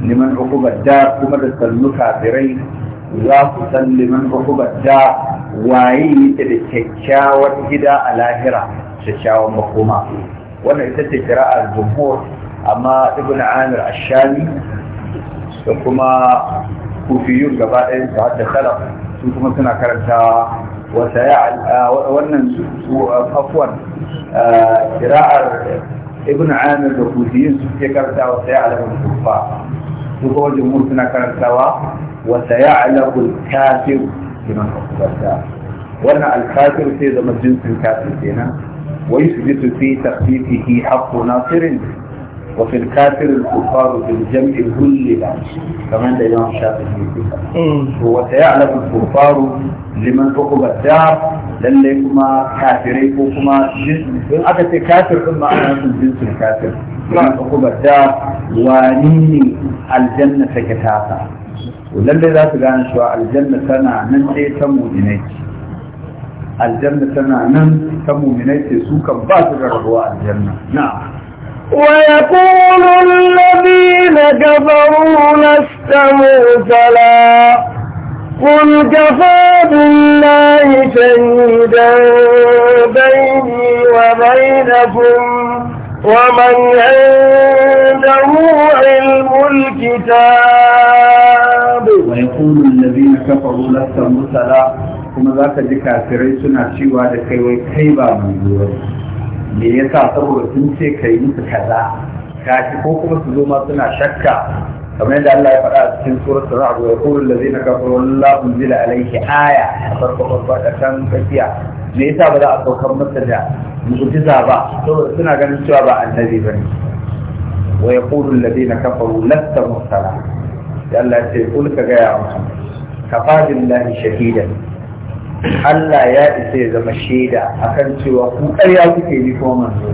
liman uquba da kuma da sallu kafirai za ku san liman da waye yake da kyakkyawar gida a lahira kyakkyawan makoma wannan ita ce kira'ar jumhur amma ibn amir ashami da kuma kufiyun gaba ɗayan su hadda khalaf su kuma suna karanta wata wannan afuwan kira'ar ibn amir da kufiyun su ke karanta wata ya alamun kufa su kuma jumhur suna karantawa وسيعلم الكافر لمن عقب الدار وانا الكافر سيد ما جنس الكافر فينا ويثبت في تخفيفه حق ناصر وفي الكافر الكفار بالجمع هلل كما ده الامام الشافعي وسيعلم الكفار لمن عقب الدار lalle kuma kafirai ko الكافر ثم أنا جنس الكافر لمن ma الدار nufin الجنة kafir ولن ذا في شواء الجنة تنا من أي تمو الجنة تنا من تمو إنيك سوكا باتك رغوا الجنة نعم ويقول الذين كفروا لست فلا قل كفى بالله شهيدا بيني وبينكم ومن عنده علم الكتاب ويقول الذين كفروا لست مرسلا kuma za ka ji kafirai suna cewa da kai wai kai ba manzo me yasa saboda sun ce yi musu kaza kafi ko kuma su zo ma suna shakka kamar yadda Allah ya faɗa a cikin surat Ra'd wa yaqulu allazina kafaru la unzila alayhi aya a farko farko da kan tsakiya me yasa ba za a saukar masa da mu'jiza ba saboda suna ganin cewa ba annabi bane wa yaqulu alladhina kafaru lasta mursala da Allah ya ce kul ka ga ya Muhammad kafa billahi shahida. Allah ya isa ya zama shaida akan cewa ku ƙarya kuke ni kuma manzo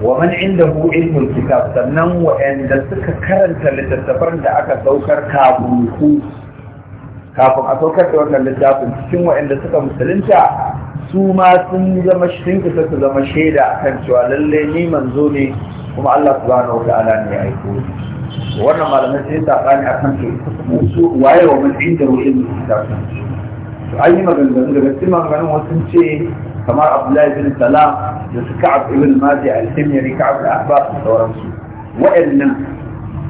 wa man indahu ilmul kitab sannan wa'anda suka karanta littattafan da aka saukar kafin ku kafin a saukar da wannan littafin cikin waɗanda suka musulunta su ma sun zama sun kusa su zama shaida kan cewa lallai ni manzo ne kuma Allah subhanahu wa ta'ala ne ya aiko ni wannan malamai sai sabani akan su su waye wa mun inda ruhin littafin to an yi maganganu daga cikin maganganun wasu ce kamar Abdullahi bin Salam da su Ka'ab ibn Madi al-Himyari Ka'ab al-Ahbab da sauransu wa'annan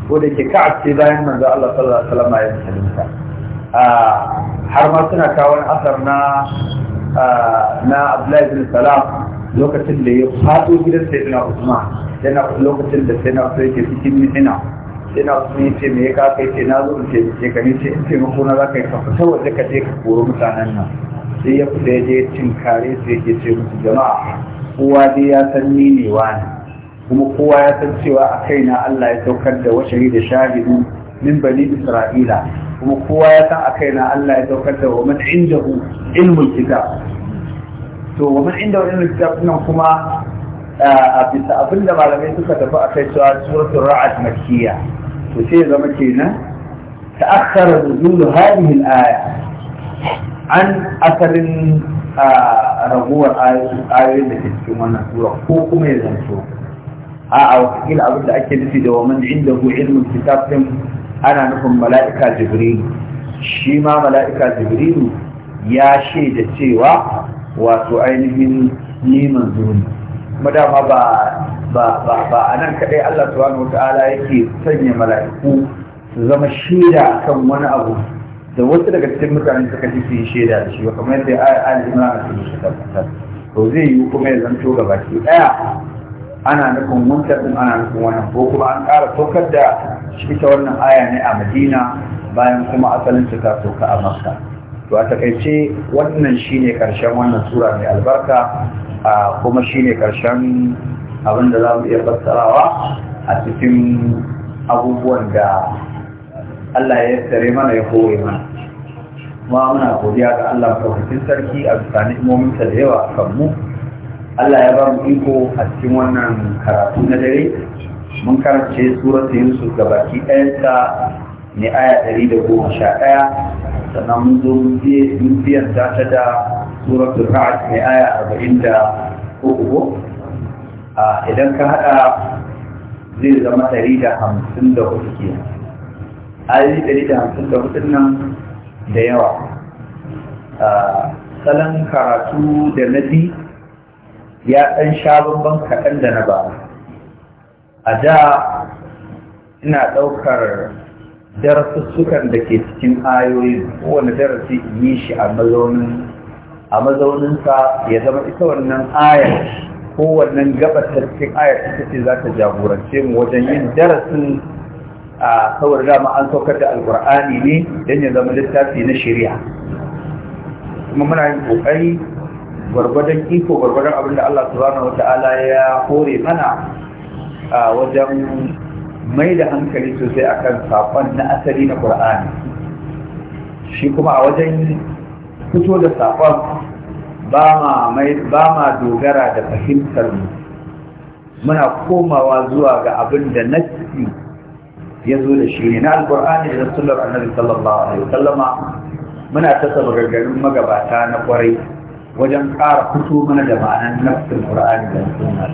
ko da ke Ka'ab ce bayan manzo Allah sallallahu alaihi wasallam ya musulunta har ma suna kawo asar na na Abdullahi bin Salam lokacin da ya fado gidan Sayyidina Usman yana lokacin da na Usman yake cikin sai na Usman yace me ya kai sai na zo ce ce kani sai ce in ce mako na zaka yi ka waje ka je ka koro mutanen nan sai ya fita ya je cin kare sai yake ce musu jama'a kowa dai ya san ni ne wani kuma kowa ya san cewa a kaina Allah ya saukar da washari da shahidu min bani isra'ila kuma kowa ya san a na Allah ya saukar da wa man indahu ilmul kitab to wa man indahu ilmul kitab nan kuma a bisa abin da malamai suka tafi a kai cewa suratul ra'ad makkiya to sai zama kenan ta'akhkhara nuzul hadhihi al-aya an asalin raguwar ayoyin da ke cikin wannan sura ko kuma ya zanto a a wakil abin da ake nufi da wa man indahu ilmul kitab din ana nufin mala'ika jibrilu shi ma mala'ika jibrilu ya shaida cewa wato ainihin neman zuni kuma ba ba a nan kaɗai Allah subhanahu wata'ala yake sanya mala'iku su zama shaida kan wani abu da wasu daga cikin mutane suka ji su yi shaida da shi kamar yadda al'imma a cikin shi tabbatar to zai yi kuma ya zanto gaba ki ɗaya ana nufin wanta din ana nufin wannan ko kuma an ƙara saukar da ita wannan aya ne a madina bayan kuma asalin ta ta sauka a makka to a takaice wannan shine karshen wannan sura mai albarka kuma shine karshen abin da za mu iya fassarawa a cikin abubuwan da Allah ya tsare mana ya koye mana kuma muna godiya ga Allah ɗaukakin sarki a bisa ni'imominsa da yawa kan mu. Allah ya ba mu iko a cikin wannan karatu na dare mun karance surata Yusuf ga baki ɗayansa ne aya ɗari da goma sha ɗaya sannan mun zo mun biyanta ta da suratul Ra'd ne aya arba'in da uku idan ka haɗa zai zama ɗari da hamsin da hudu ke ayoyi ɗari da hamsin da hudu nan da yawa salon karatu da na nadi ya ɗan sha bambam kaɗan da na ba, a da ina ɗaukar darasussukan da ke cikin ayoyin kowane darasi in yi shi a mazaunin a mazauninsa ya zama ita wannan ayar ko wannan ta cikin ayar ita ce za ta jagorance mu wajen yin darasin a saboda dama an saukar da alkur'ani ne don ya zama littafi na shari'a kuma muna yin ƙoƙari gwargwadon iko gwargwadon abin da Allah subhanahu ya hore mana a wajen mai da hankali sosai akan saƙon na asali na Kur'ani. shi kuma a wajen fito da saƙon, ba ma dogara da fahimtar mu muna komawa zuwa ga abin da nassi ya zo da shi ne na alqur'ani da sunnar annabi sallallahu alaihi wasallama muna ta maganganun magabata na kwarai wajen ƙara fito mana da ma'anar nafsul qur'ani da sunna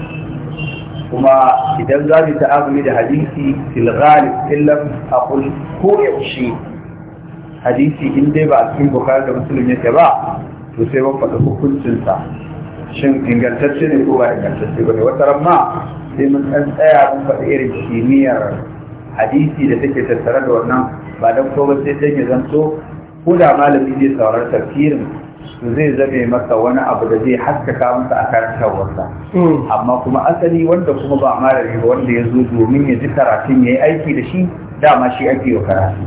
kuma idan za mu ta'amuli da hadisi fil ghalib illam aqul ko yaushe hadisi in dai ba a cikin bukhari da muslim yake ba to sai mun faɗa sa. shin ingantacce ne ko ba ingantacce ba ne wata ramma sai mun ɗan tsaya mun faɗi irin kimiyyar hadisi da take tattare da wannan ba don ko sai dan ya zanto ko da malami zai saurar tafsirin zai zame maka wani abu da zai haskaka masa a karantarwarsa hmm. amma kuma asali wanda kuma ba malami ba wanda ya zo domin ya ji karatun ya yi aiki da shi dama shi ake yi karatu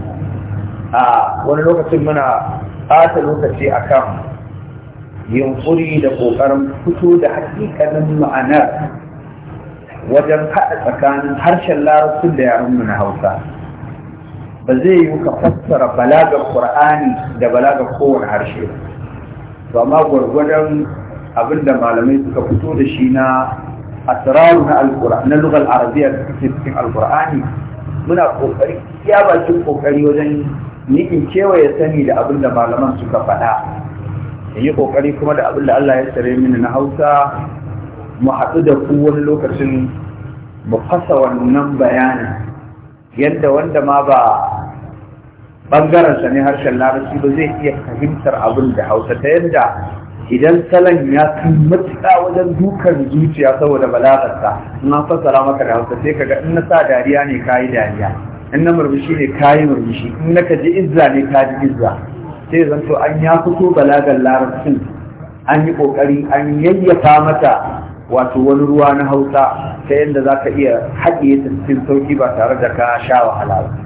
a wani lokacin muna ɓata lokaci akan yunkuri da ƙoƙarin fito da hakikalin ma'anar wajen haɗa tsakanin harshen larabcin da mu na hausa ba zai yi ka fassara balagar ƙur'ani da balagar kowane harshe ba to ma gwargwadon abin da malamai suka fito da shi na asraru na alqur'ani na arabiya da suke cikin alqur'ani muna kokari ya bakin kokari wajen nikin kewaye sani da abinda malaman suka faɗa in yi kokari kuma da abinda Allah ya tsare mini na Hausa mu haɗu da ku wani lokacin mu fasa wannan bayanin yadda wanda ma ba sa ne harshen larabci ba zai iya fahimtar abin da hausa ta yadda idan salon ya fi matuƙa wajen dukan zuciya saboda balagarsa na fassara maka da hausa sai kaga in na sa dariya ne kayi dariya in na murmushi ne kayi murmushi in na kaji izza ne ji izza sai zan to an ya fito balagar larabcin an yi kokari an yayyafa mata wato wani ruwa na hausa ta yadda za ka iya haɗiye ta cikin sauki ba tare da ka sha wahala ba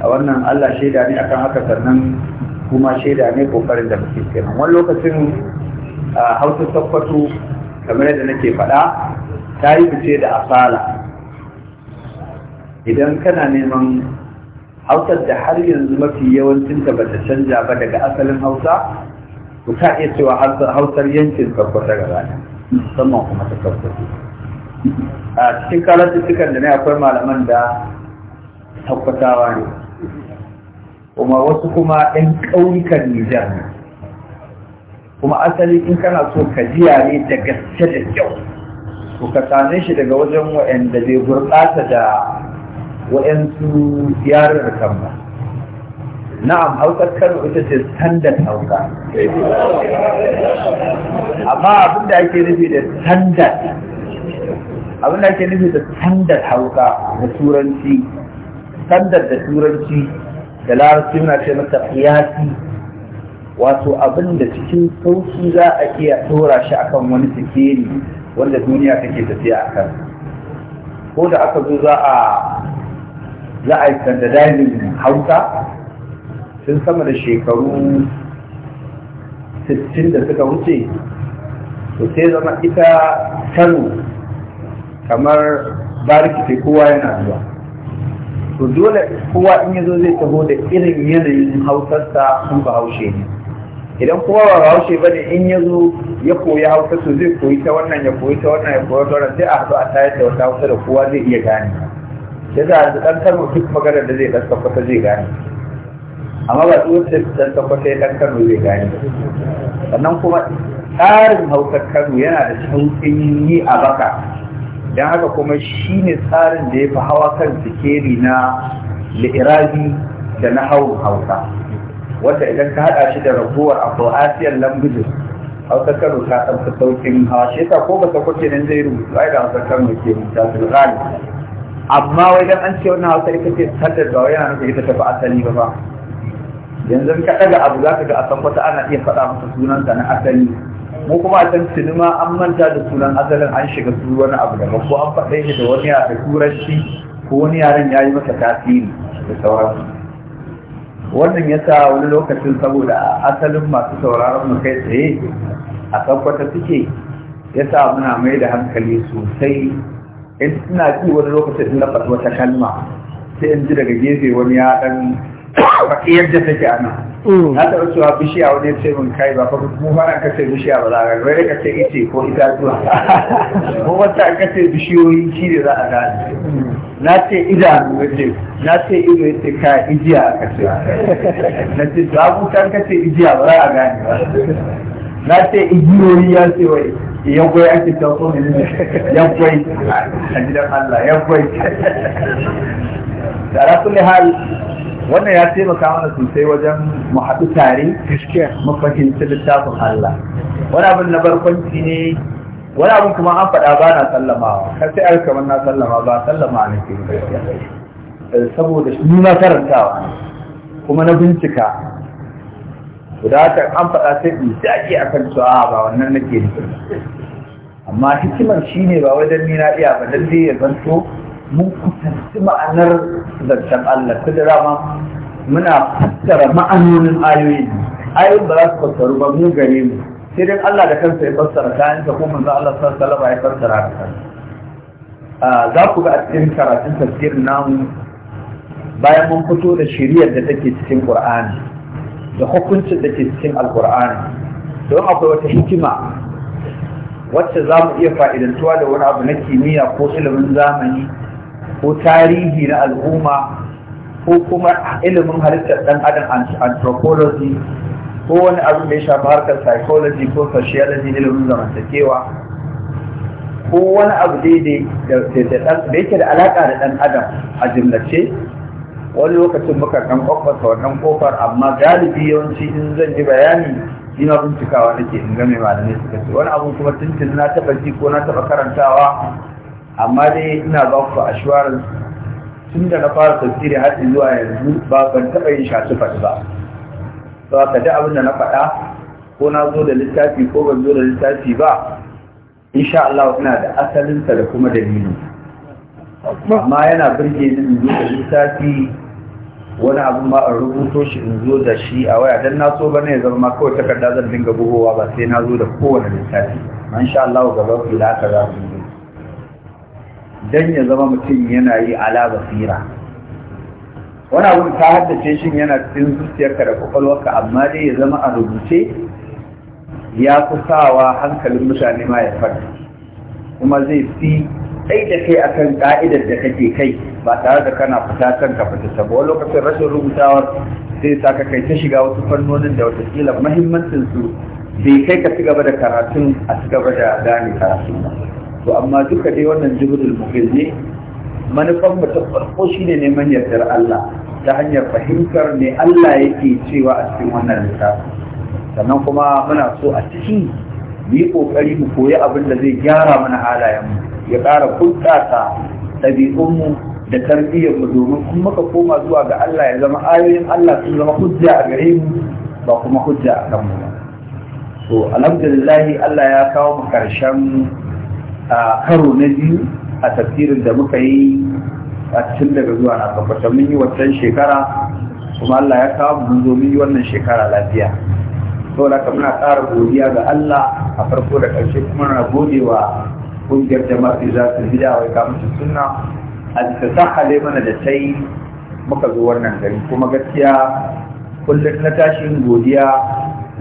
a wannan Allah shaida ne akan haka sannan kuma shaida ne kokarin da muke kenan wani lokacin a hausa sakkwato kamar yadda nake faɗa ta yi fice da asala idan kana neman hausar da har yanzu mafi yawancinta ta bata canja ba daga asalin hausa ku ka iya cewa hausar yankin sakkwato gaba ne musamman kuma ta sakkwato a cikin kalatuttukan da ne akwai malaman da tabbatawa ne kuma wasu kuma ɗan ƙauyukan Nijar kuma asali in kana so ka jiya ne da gaske da kyau to ka same shi daga wajen waɗanda bai gurɓata da waɗansu yarurrukan ba na'am hausar kano ita ce standard hausa amma abin da ake nufi da standard abin da ake nufi da standard hausa da turanci standard da turanci da larabci muna ce wato abin da cikin sauki za a iya tora shi akan wani sikeli wanda duniya take tafiya a kan ko da aka zo za a za a yi standardizing hausa sun sama da shekaru 60 da suka wuce to sai zama ita Tano kamar bariki kowa yana zuwa to dole kowa in yazo zai taho da irin yanayin hausarsa sun ba haushe ne idan kowa ba haushe ba ne in yazo ya koyi hausa to zai koyi ta wannan ya koyi ta wannan ya koyi ta wannan sai a haɗu a tayar da wata hausa da kowa zai iya gane ya za a ɗan kano duk maganar da zai ɗan tabbata zai gane amma ba su wuce ɗan tabbata ya ɗan kano zai gane sannan kuma tsarin hausar kano yana da sauƙin yi a baka don haka kuma shi ne tsarin da ya fi hawa kan sikeri na li'irabi da na haurin hausa wanda idan ka haɗa shi da raguwar afro-asian languages hausa kano ta ɗansa saukin hawa shi yasa ko basa ta kwace nan zai rubutu ai da hausa kano ke rubuta su rani amma wai dan an ce wannan hausa ita ce standard da wai yana nufin ita tafi asali ba ba yanzu ka ɗaga abu za ka ga a san wata ana iya faɗa masa sunanta na asali mu kuma a can sinima an manta da sunan asalin an shiga su wani abu da ko an faɗa shi da wani yare turanci ko wani yaren ya yi masa tasiri da sauransu wannan ya sa wani lokacin saboda asalin masu sauraron mu kai tsaye a tabbata suke ya sa muna mai da hankali sosai in suna ji wani lokacin na faɗi wata kalma sai in ji daga gefe wani ya ɗan yadda take a nan mm. na taɓa cewa bishiya wani ce mun kai ba Kuma mu fara ka ce bishiya ba za ka ga ka ce ice ko itatuwa ko wata ka ce bishiyoyi shi ne za a gane na ce ida mu ce na ce ido ya ce ka ijiya ka ce na ce to abubuwan ka ce ijiya ba za a gane ba na ce igiyoyi ya ce wai yaggwai ake tauso ne yaggwai a gidan Allah yaggwai da rasulun hal wannan ya taimaka mana sosai wajen mu haɗu tare mu fahimci littafin Allah wani abin na barkwanci ne wani abin kuma an faɗa ba na sallamawa har sai aka kamar na sallama ba sallama ne ke saboda ni na karantawa kuma na bincika guda ta an faɗa sai in daɗi a kan cewa ba wannan nake nufi amma hikimar shine ba wajen ni na iya ba dan dai ya zanto mun kusanci ma'anar zancen Allah ta da rama muna fassara ma'anonin ayoyi ayoyin ba za su fassaru ba mu gare mu sai dai Allah da kansa ya fassara kayansa ko manzo Allah sallallahu alaihi ya fassara kansa. za ku ga a cikin karatun tafsir namu bayan mun fito da shiriyar da take cikin Qur'ani da hukuncin da ke cikin Al-Qur'ani don akwai wata hikima wacce za mu iya fa'idantuwa da wani abu na kimiyya ko ilimin zamani ko tarihi na al'umma ko kuma ilimin halittar dan adam anthropology ko wani abu da ya shafi harkar psychology ko sociology ilimin zamantakewa ko wani abu daidai da yake da alaƙa da dan adam a jimlace wani lokacin muka kan kwakwasa wannan kofar amma galibi yawanci in zan yi bayani ina bincikawa nake in game malamai suka ce wani abu kuma tuntun na taɓa ji ko na taɓa karantawa amma dai ina ba ku assurance tun da na fara tafsiri har zuwa yanzu ba ban taɓa yin shatufat ba to ka da abin da na faɗa ko na zo da littafi ko ban zo da littafi ba insha Allah ina da asalinsa da kuma dalilin amma yana birge ni in zo da littafi wani abu ma a rubuto shi in zo da shi a waya dan na so ba ne zama kawai takarda zan dinga gugowa ba sai na zo da kowane littafi insha Allah gaba ku da haka yi dan ya zama mutum yana yi ala basira wani abu ta haddace shi yana cikin zuciyarka da kwakwalwarka amma dai ya zama a rubuce ya kusawa hankalin mutane ma ya fara kuma zai fi sai da kai akan ka'idar da kake kai ba tare da kana fita kan ka fita saboda lokacin rashin rubutawa sai sa ka kai ta shiga wasu fannonin da watakila mahimmancin su bai kai ka ci gaba da karatun a ci gaba da gane karatun ba to amma duka dai wannan jibril muhim ne manufan mu ta farko ne neman yardar Allah ta hanyar fahimtar ne Allah yake cewa a cikin wannan littafi sannan kuma muna so a cikin mu yi kokari mu koyi abin da zai gyara mana halayenmu ya ƙara kulɗata ɗabi'unmu da tarbiyyar mu domin kun muka koma zuwa ga Allah ya zama ayoyin Allah sun zama hujja a gare mu ba kuma hujja a kanmu ba to alhamdulillah Allah ya kawo mu karshen a karo na biyu a tafsirin da muka yi a cikin daga zuwa na tabbata mun yi wancan shekara kuma Allah ya kawo mun zo mun yi wannan shekara lafiya da haka muna ƙara godiya ga Allah a farko da ƙarshe kuma na godewa ƙungiyar jama'a za su biya wai ka musu sunna a saka sahale mana da ta muka zo wannan gari kuma gaskiya kullum na tashin godiya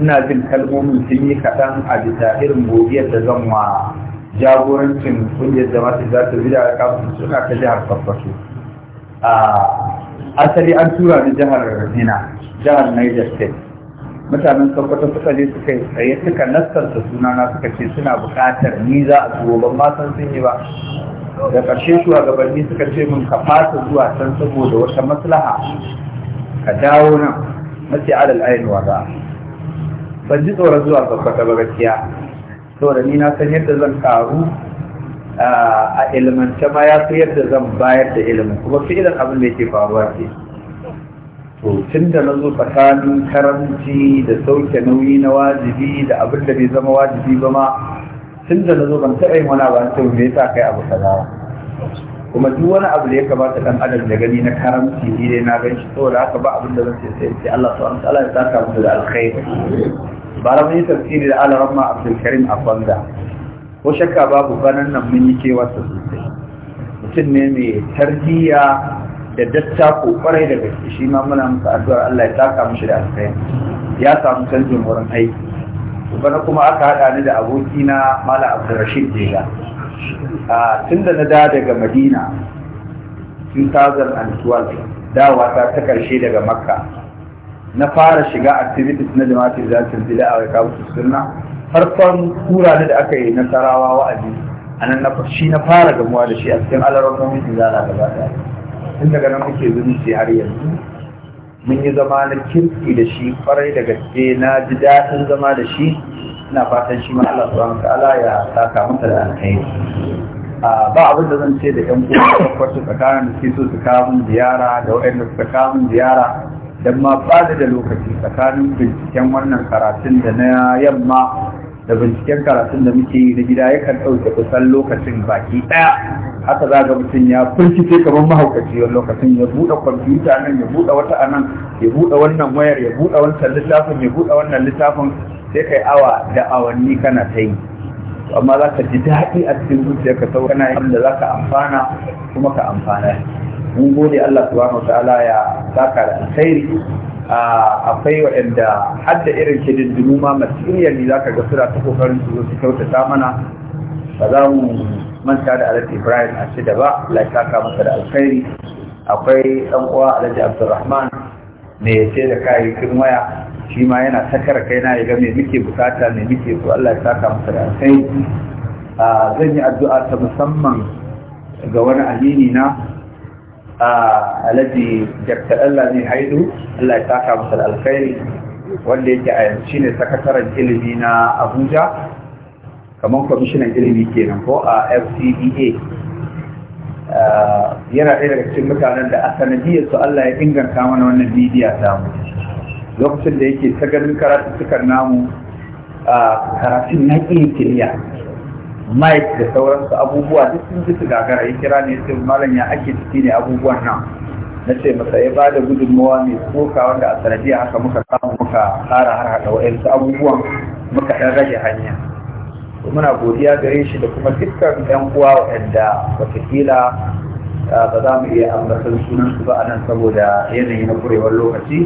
ina jin kalmomin sun yi kaɗan a bisa irin godiyar da zan wa jagorancin kungiyar jama'a za ta zira a kafin suna ta jihar farfaso a asali an tura ni jihar nina jihar niger state mutanen sokoto suka je suka yi tsaye suka nassarta sunana suka ce suna bukatar ni za a tuwo ban ma san sun yi ba da ƙarshe shugabanni suka ce min ka fasa zuwa can saboda wata maslaha ka dawo nan mace alal ainihin wa ba ban ji tsoron zuwa sokoto ba gaskiya saboda ni na san yadda zan karu a ilimance ma ya fi yadda zan bayar da ilimin kuma fi idan abin da yake faruwa ke to tun da na zo tsakanin karamci da sauke nauyi na wajibi da abin da bai zama wajibi ba ma tun da na zo ban taɓa yin wani abu ta me yasa kai abu kaza kuma duk wani abu da ya kamata dan adam da gani na karamci ni dai na gan shi saboda haka ba abin da zan ce sai Allah subhanahu wa ta'ala ya saka musu da alkhairi bara mun yi tafsiri da alaramma abdulkarim a banga ko shakka babu banan nan mun yi kewarsa sosai mutum ne mai tarbiyya da datta ko kwarai da gaske shi ma muna masa addu'ar Allah ya taka mishi da alkhairi ya samu canjin wurin aiki bana kuma aka haɗa ni da abokina mala abdurrashid jega a tun da na da daga madina 2012 dawata ta karshe daga makka na fara shiga activities na jama'atul zatul a wa kabusu sunna farkon kura da aka yi na sarawa wa'azi anan na shi na fara gamuwa da shi a cikin da izala gaba daya tun daga nan muke zumunci har yanzu mun yi zama na kirki da shi farai da gaske na ji daɗin zama da shi ina fatan shi ma Allah subhanahu ta'ala ya saka mata da alkhairi ba abin da zan ce da ƴan uwa kwakwarsu tsakanin da suke so su kawo ziyara da waɗanda suka kawo ziyara don ma da lokaci tsakanin binciken wannan karatun da na yamma da binciken karatun da muke yi na gida ya kan ɗauke kusan lokacin baki ɗaya haka za ga mutum ya firkice kamar mahaukaci wani lokacin ya buɗe kwamfuta nan ya buɗe wata a nan ya buɗe wannan wayar ya buɗe wancan littafin ya buɗe wannan littafin sai kai awa da awanni kana ta yi amma za ka ji daɗi a cikin ka sau kana yin da za ka amfana kuma ka amfana mun gode Allah subhanahu wa ta'ala ya saka da alkhairi akwai waɗanda hadda irin kididdimu ma masiriyar ne zaka ga suna ta kokarin su zo su kyautata mana ba za mu manta da Alhaji Ibrahim a shida ba Allah saka masa da alkhairi akwai ɗan uwa Alhaji abdurrahman me ya ce da kayayyakin waya shi ma yana sakar kaina ya ga me muke bukata me muke so Allah ya saka masa da alkhairi zan yi addu'a ta musamman ga wani amini na alhaji jakta Allah ne haidu Allah ya taka masa alkhairi wanda yake a yanzu shine sakataren ilimi na Abuja kamar kwamishinan ilimi kenan ko a FCDA e yana ɗaya daga cikin mutanen da a sanadiyar su Allah ya inganta mana wannan bidiya ta mu lokacin da yake ta ganin cikar namu karatun na ƙin mike da sauransu abubuwa duk sun ji gagara ya kira ne sai malam ya ake ciki ne abubuwan nan na ce masa ya ba da gudunmawa mai tsoka wanda a sanadiyya haka muka samu muka tsara har haɗa wa'yansu abubuwan muka ɗan rage hanya muna godiya gare shi da kuma dukkan 'yan uwa waɗanda watakila ba za mu iya ambatan sunansu ba a nan saboda yanayi na kurewar lokaci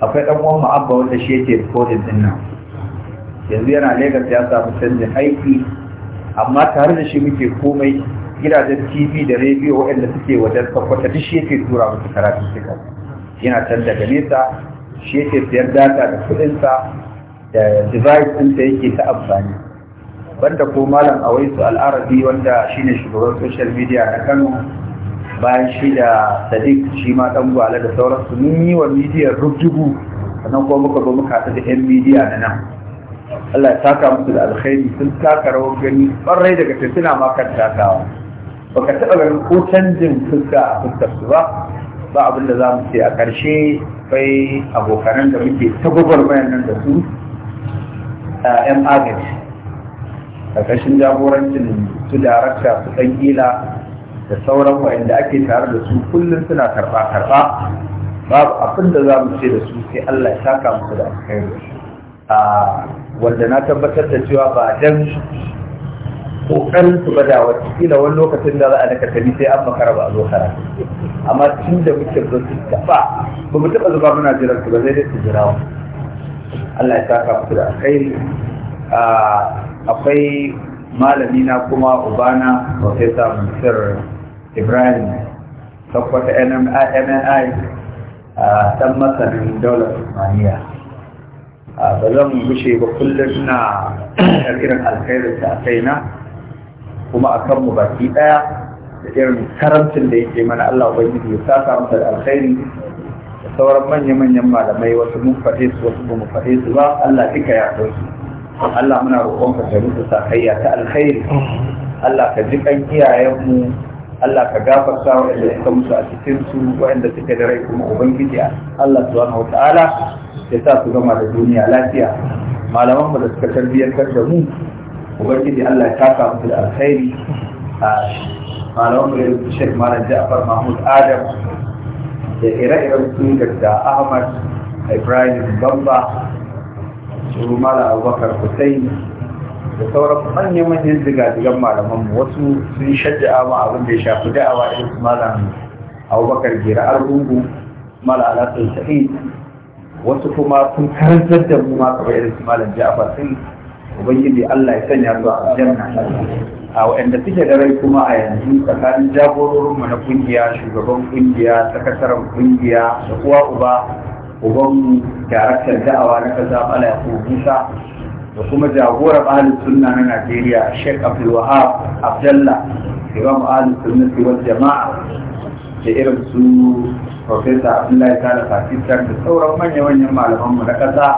akwai ɗan uwan ma'abba wanda shi yake rikodin din nan yanzu yana lagos ya samu canjin aiki amma tare da shi muke komai gidajen tv da rediyo waɗanda suke wajen tabbata duk shi yake tura musu karatu suka yana can daga nesa shi yake siyar data da kuɗinsa da device da yake ta amfani banda ko malam awaisu al'arabi wanda shine shugaban social media na kano bayan shi da sadiq shi ma ɗan gwale da sauransu mun yi wa midiyar rubdugu sannan kuma muka zo muka da yan midiya na nan Allah ya saka musu da alkhairi sun taka rawar gani ɓarrai daga ta suna makar takawa baka taɓa ganin ko canjin fuska a fuskar su ba ba abin da za mu ce a ƙarshe bai abokanan da muke ta gwagwarmayar nan da su a yan agaji ƙarƙashin jagorancin su darakta su ɗan ƙila da sauran waɗanda ake tare da su kullum suna karɓa-karɓa babu abin da za mu ce da su sai Allah ya saka musu da alkhairi wanda na tabbatar da cewa ba dan kokarin su ba da watakila wani lokacin da za a daga tabi sai an makara ba a zo kara amma tun da muke zo su taba ba mu taba zuba muna jiran su ba zai dai su jira Allah ya saka musu da alkhairi akwai malami na kuma ubana professor Mansur Ibrahim sakwata NMI dan masanin daular Usmaniya ba zan bushe ba kullum ina irin alkhairin ta na. kuma akan mu baki ɗaya. da irin karamcin da yake mana Allah ubangiji ya saka masa da alkhairi da sauran manya-manyan malamai wasu mun faɗe su wasu ba mu faɗe su ba Allah duka ya ɗau su Allah muna roƙon ka ta rufe sakayya ta alkhairi Allah ka ji kan iyayenmu Allah ka gafarta waɗanda suka mutu a cikin su waɗanda suka da rai kuma ubangiji Allah subhanahu wata'ala ya sa su gama da duniya lafiya malaman mu da suka tarbiyyantar da mu ubangiji Allah ya taka musu da alkhairi a malaman mu da Sheikh Malam Ja'far Mahmud Adam da ire-iren su da Ahmad Ibrahim Bamba su Malam Abubakar Hussein da sauran manyan manyan ziga-zigan malaman mu wasu sun shajja'a ma abin da ya shafi da'awa irin su malam abubakar gera argungu malam alasan sa'i wasu kuma sun karantar da mu ma kamar irin su malam ja'afar sun ubangiji allah ya sanya su a aljanna a waɗanda suke da rai kuma a yanzu tsakanin jagororinmu na kungiya shugaban kungiya sakataren kungiya da uwa uba uban daraktar da'awa na kasa ala ya musa da kuma jagorar ahalin sunna na Najeriya Sheikh Abdul Wahab Abdullah imam ahalin sunnati wal jama'a da irin su Profesa Abdullahi Sala Pakistan da sauran manya-manyan mu na ƙasa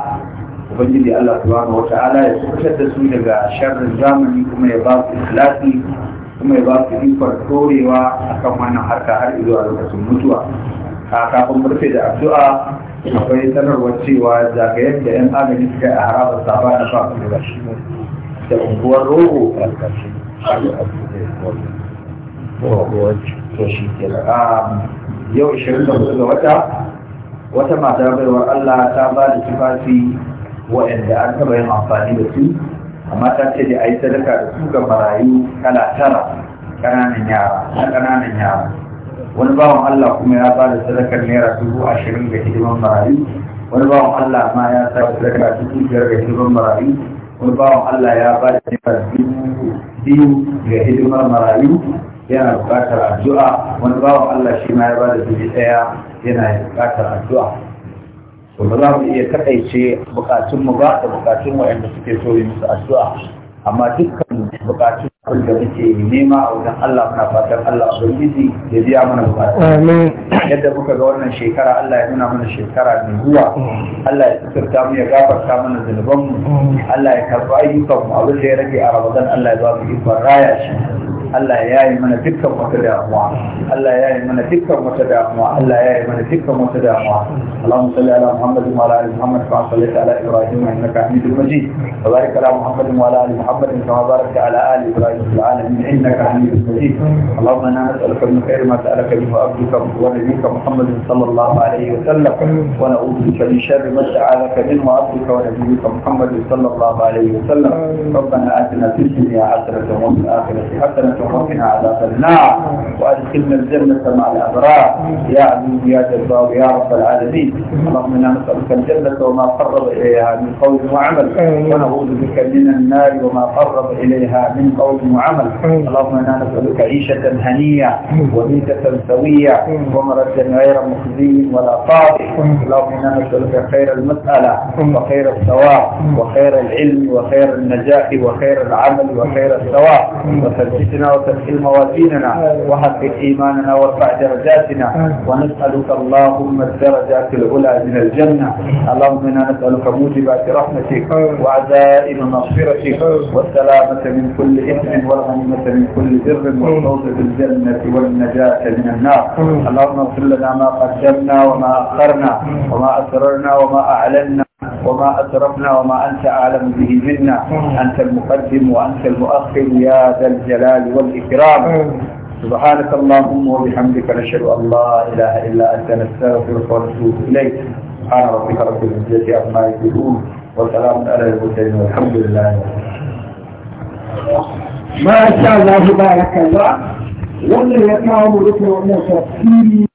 Ubangiji Allah subhanahu wa ta'ala ya kubutar da su daga sharrin zamani kuma ya ba su ikhlasi kuma ya ba su ikon torewa akan wannan harka har zuwa lokacin mutuwa. Kafin murfe da addu'a akwai sanarwar cewa zagayen da 'yan agaji suka yi a harabar saba na fafi da unguwar da yau 24 ga wata wata mata baiwar Allah ta ba da tufafi waɗanda an taɓa yin amfani da su amma ta ce da a yi sadaka da su ga marayu kala tara na ƙananan yara wani bawan Allah kuma ya ba da sadakar naira dubu ashirin ga hidiman marayu wani bawan Allah ma ya sa da sadaka dubu biyar ga hidiman marayu wani bawan Allah ya ba da naira dubu biyu ga hidimar marayu yana buƙatar addu'a wani bawan Allah shi ma ya ba da dubu ɗaya yana buƙatar addu'a to ba za mu iya taƙaice mu ba da bukatun waɗanda suke so yi musu addu'a amma dukkan bukatun abin da muke nema a wajen Allah muna fatan Allah ubangiji ya biya mana bukatu yadda muka ga wannan shekara Allah ya nuna mana shekara mai zuwa Allah ya tsirta mu ya gafarta mana zunubanmu Allah ya karɓi ayyukanmu abin da ya rage a Ramadan Allah ya ba mu ikon raya shi Allah ya yi mana dukkan wata damuwa Allah ya yi mana dukkan wata damuwa Allah ya yi mana dukkan wata damuwa Allahumma salli ala Muhammad wa ala ali Muhammad kama sallaita ala Ibrahim innaka Hamidum Majid wa barik ala Muhammad wa ala ali Muhammad kama barakta ala ali Ibrahim fil alamin innaka Hamidum Majid Allahumma inna nas'aluka min khayri ma sa'alaka bihi abduka wa nabiyyuka Muhammad sallallahu alayhi wa sallam wa na'udhu bika min sharri ma sa'alaka minhu abduka wa nabiyyuka Muhammad sallallahu alayhi wa sallam ربنا آتنا في الدنيا حسنة وفي الآخرة حسنة وقومها على النار وادخلنا الجنه مع الابرار يا عزيز يا جبار يا رب العالمين اللهم انا نسالك الجنه وما قرب اليها من قول وعمل ونعوذ بك من النار وما قرب اليها من قول وعمل اللهم انا نسالك عيشه هنيه وميته سويه ومرجا غير مخزي ولا طاغي اللهم انا نسالك خير المساله وخير الثواب وخير العلم وخير النجاح وخير العمل وخير الثواب وثبتنا وتسهل موازيننا وحقق إيماننا وارفع درجاتنا ونسألك اللهم الدرجات العلى من الجنة اللهم إنا نسألك موجبات رحمتك وعزائم مغفرتك والسلامة من كل إثم والغنيمة من كل بر والفوز بالجنة والنجاة من النار اللهم اغفر لنا ما قدمنا وما أخرنا وما أسررنا وما أعلنا وما أسرفنا وما أنت أعلم به منا أنت المقدم وأنت المؤخر يا ذا الجلال والإكرام سبحانك اللهم وبحمدك نشهد أن لا إله إلا أنت نستغفرك ونتوب إليك سبحان ربك رب العزة عما يصفون وسلام على المرسلين والحمد لله ما شاء الله تبارك الله ولا يقام ركن mu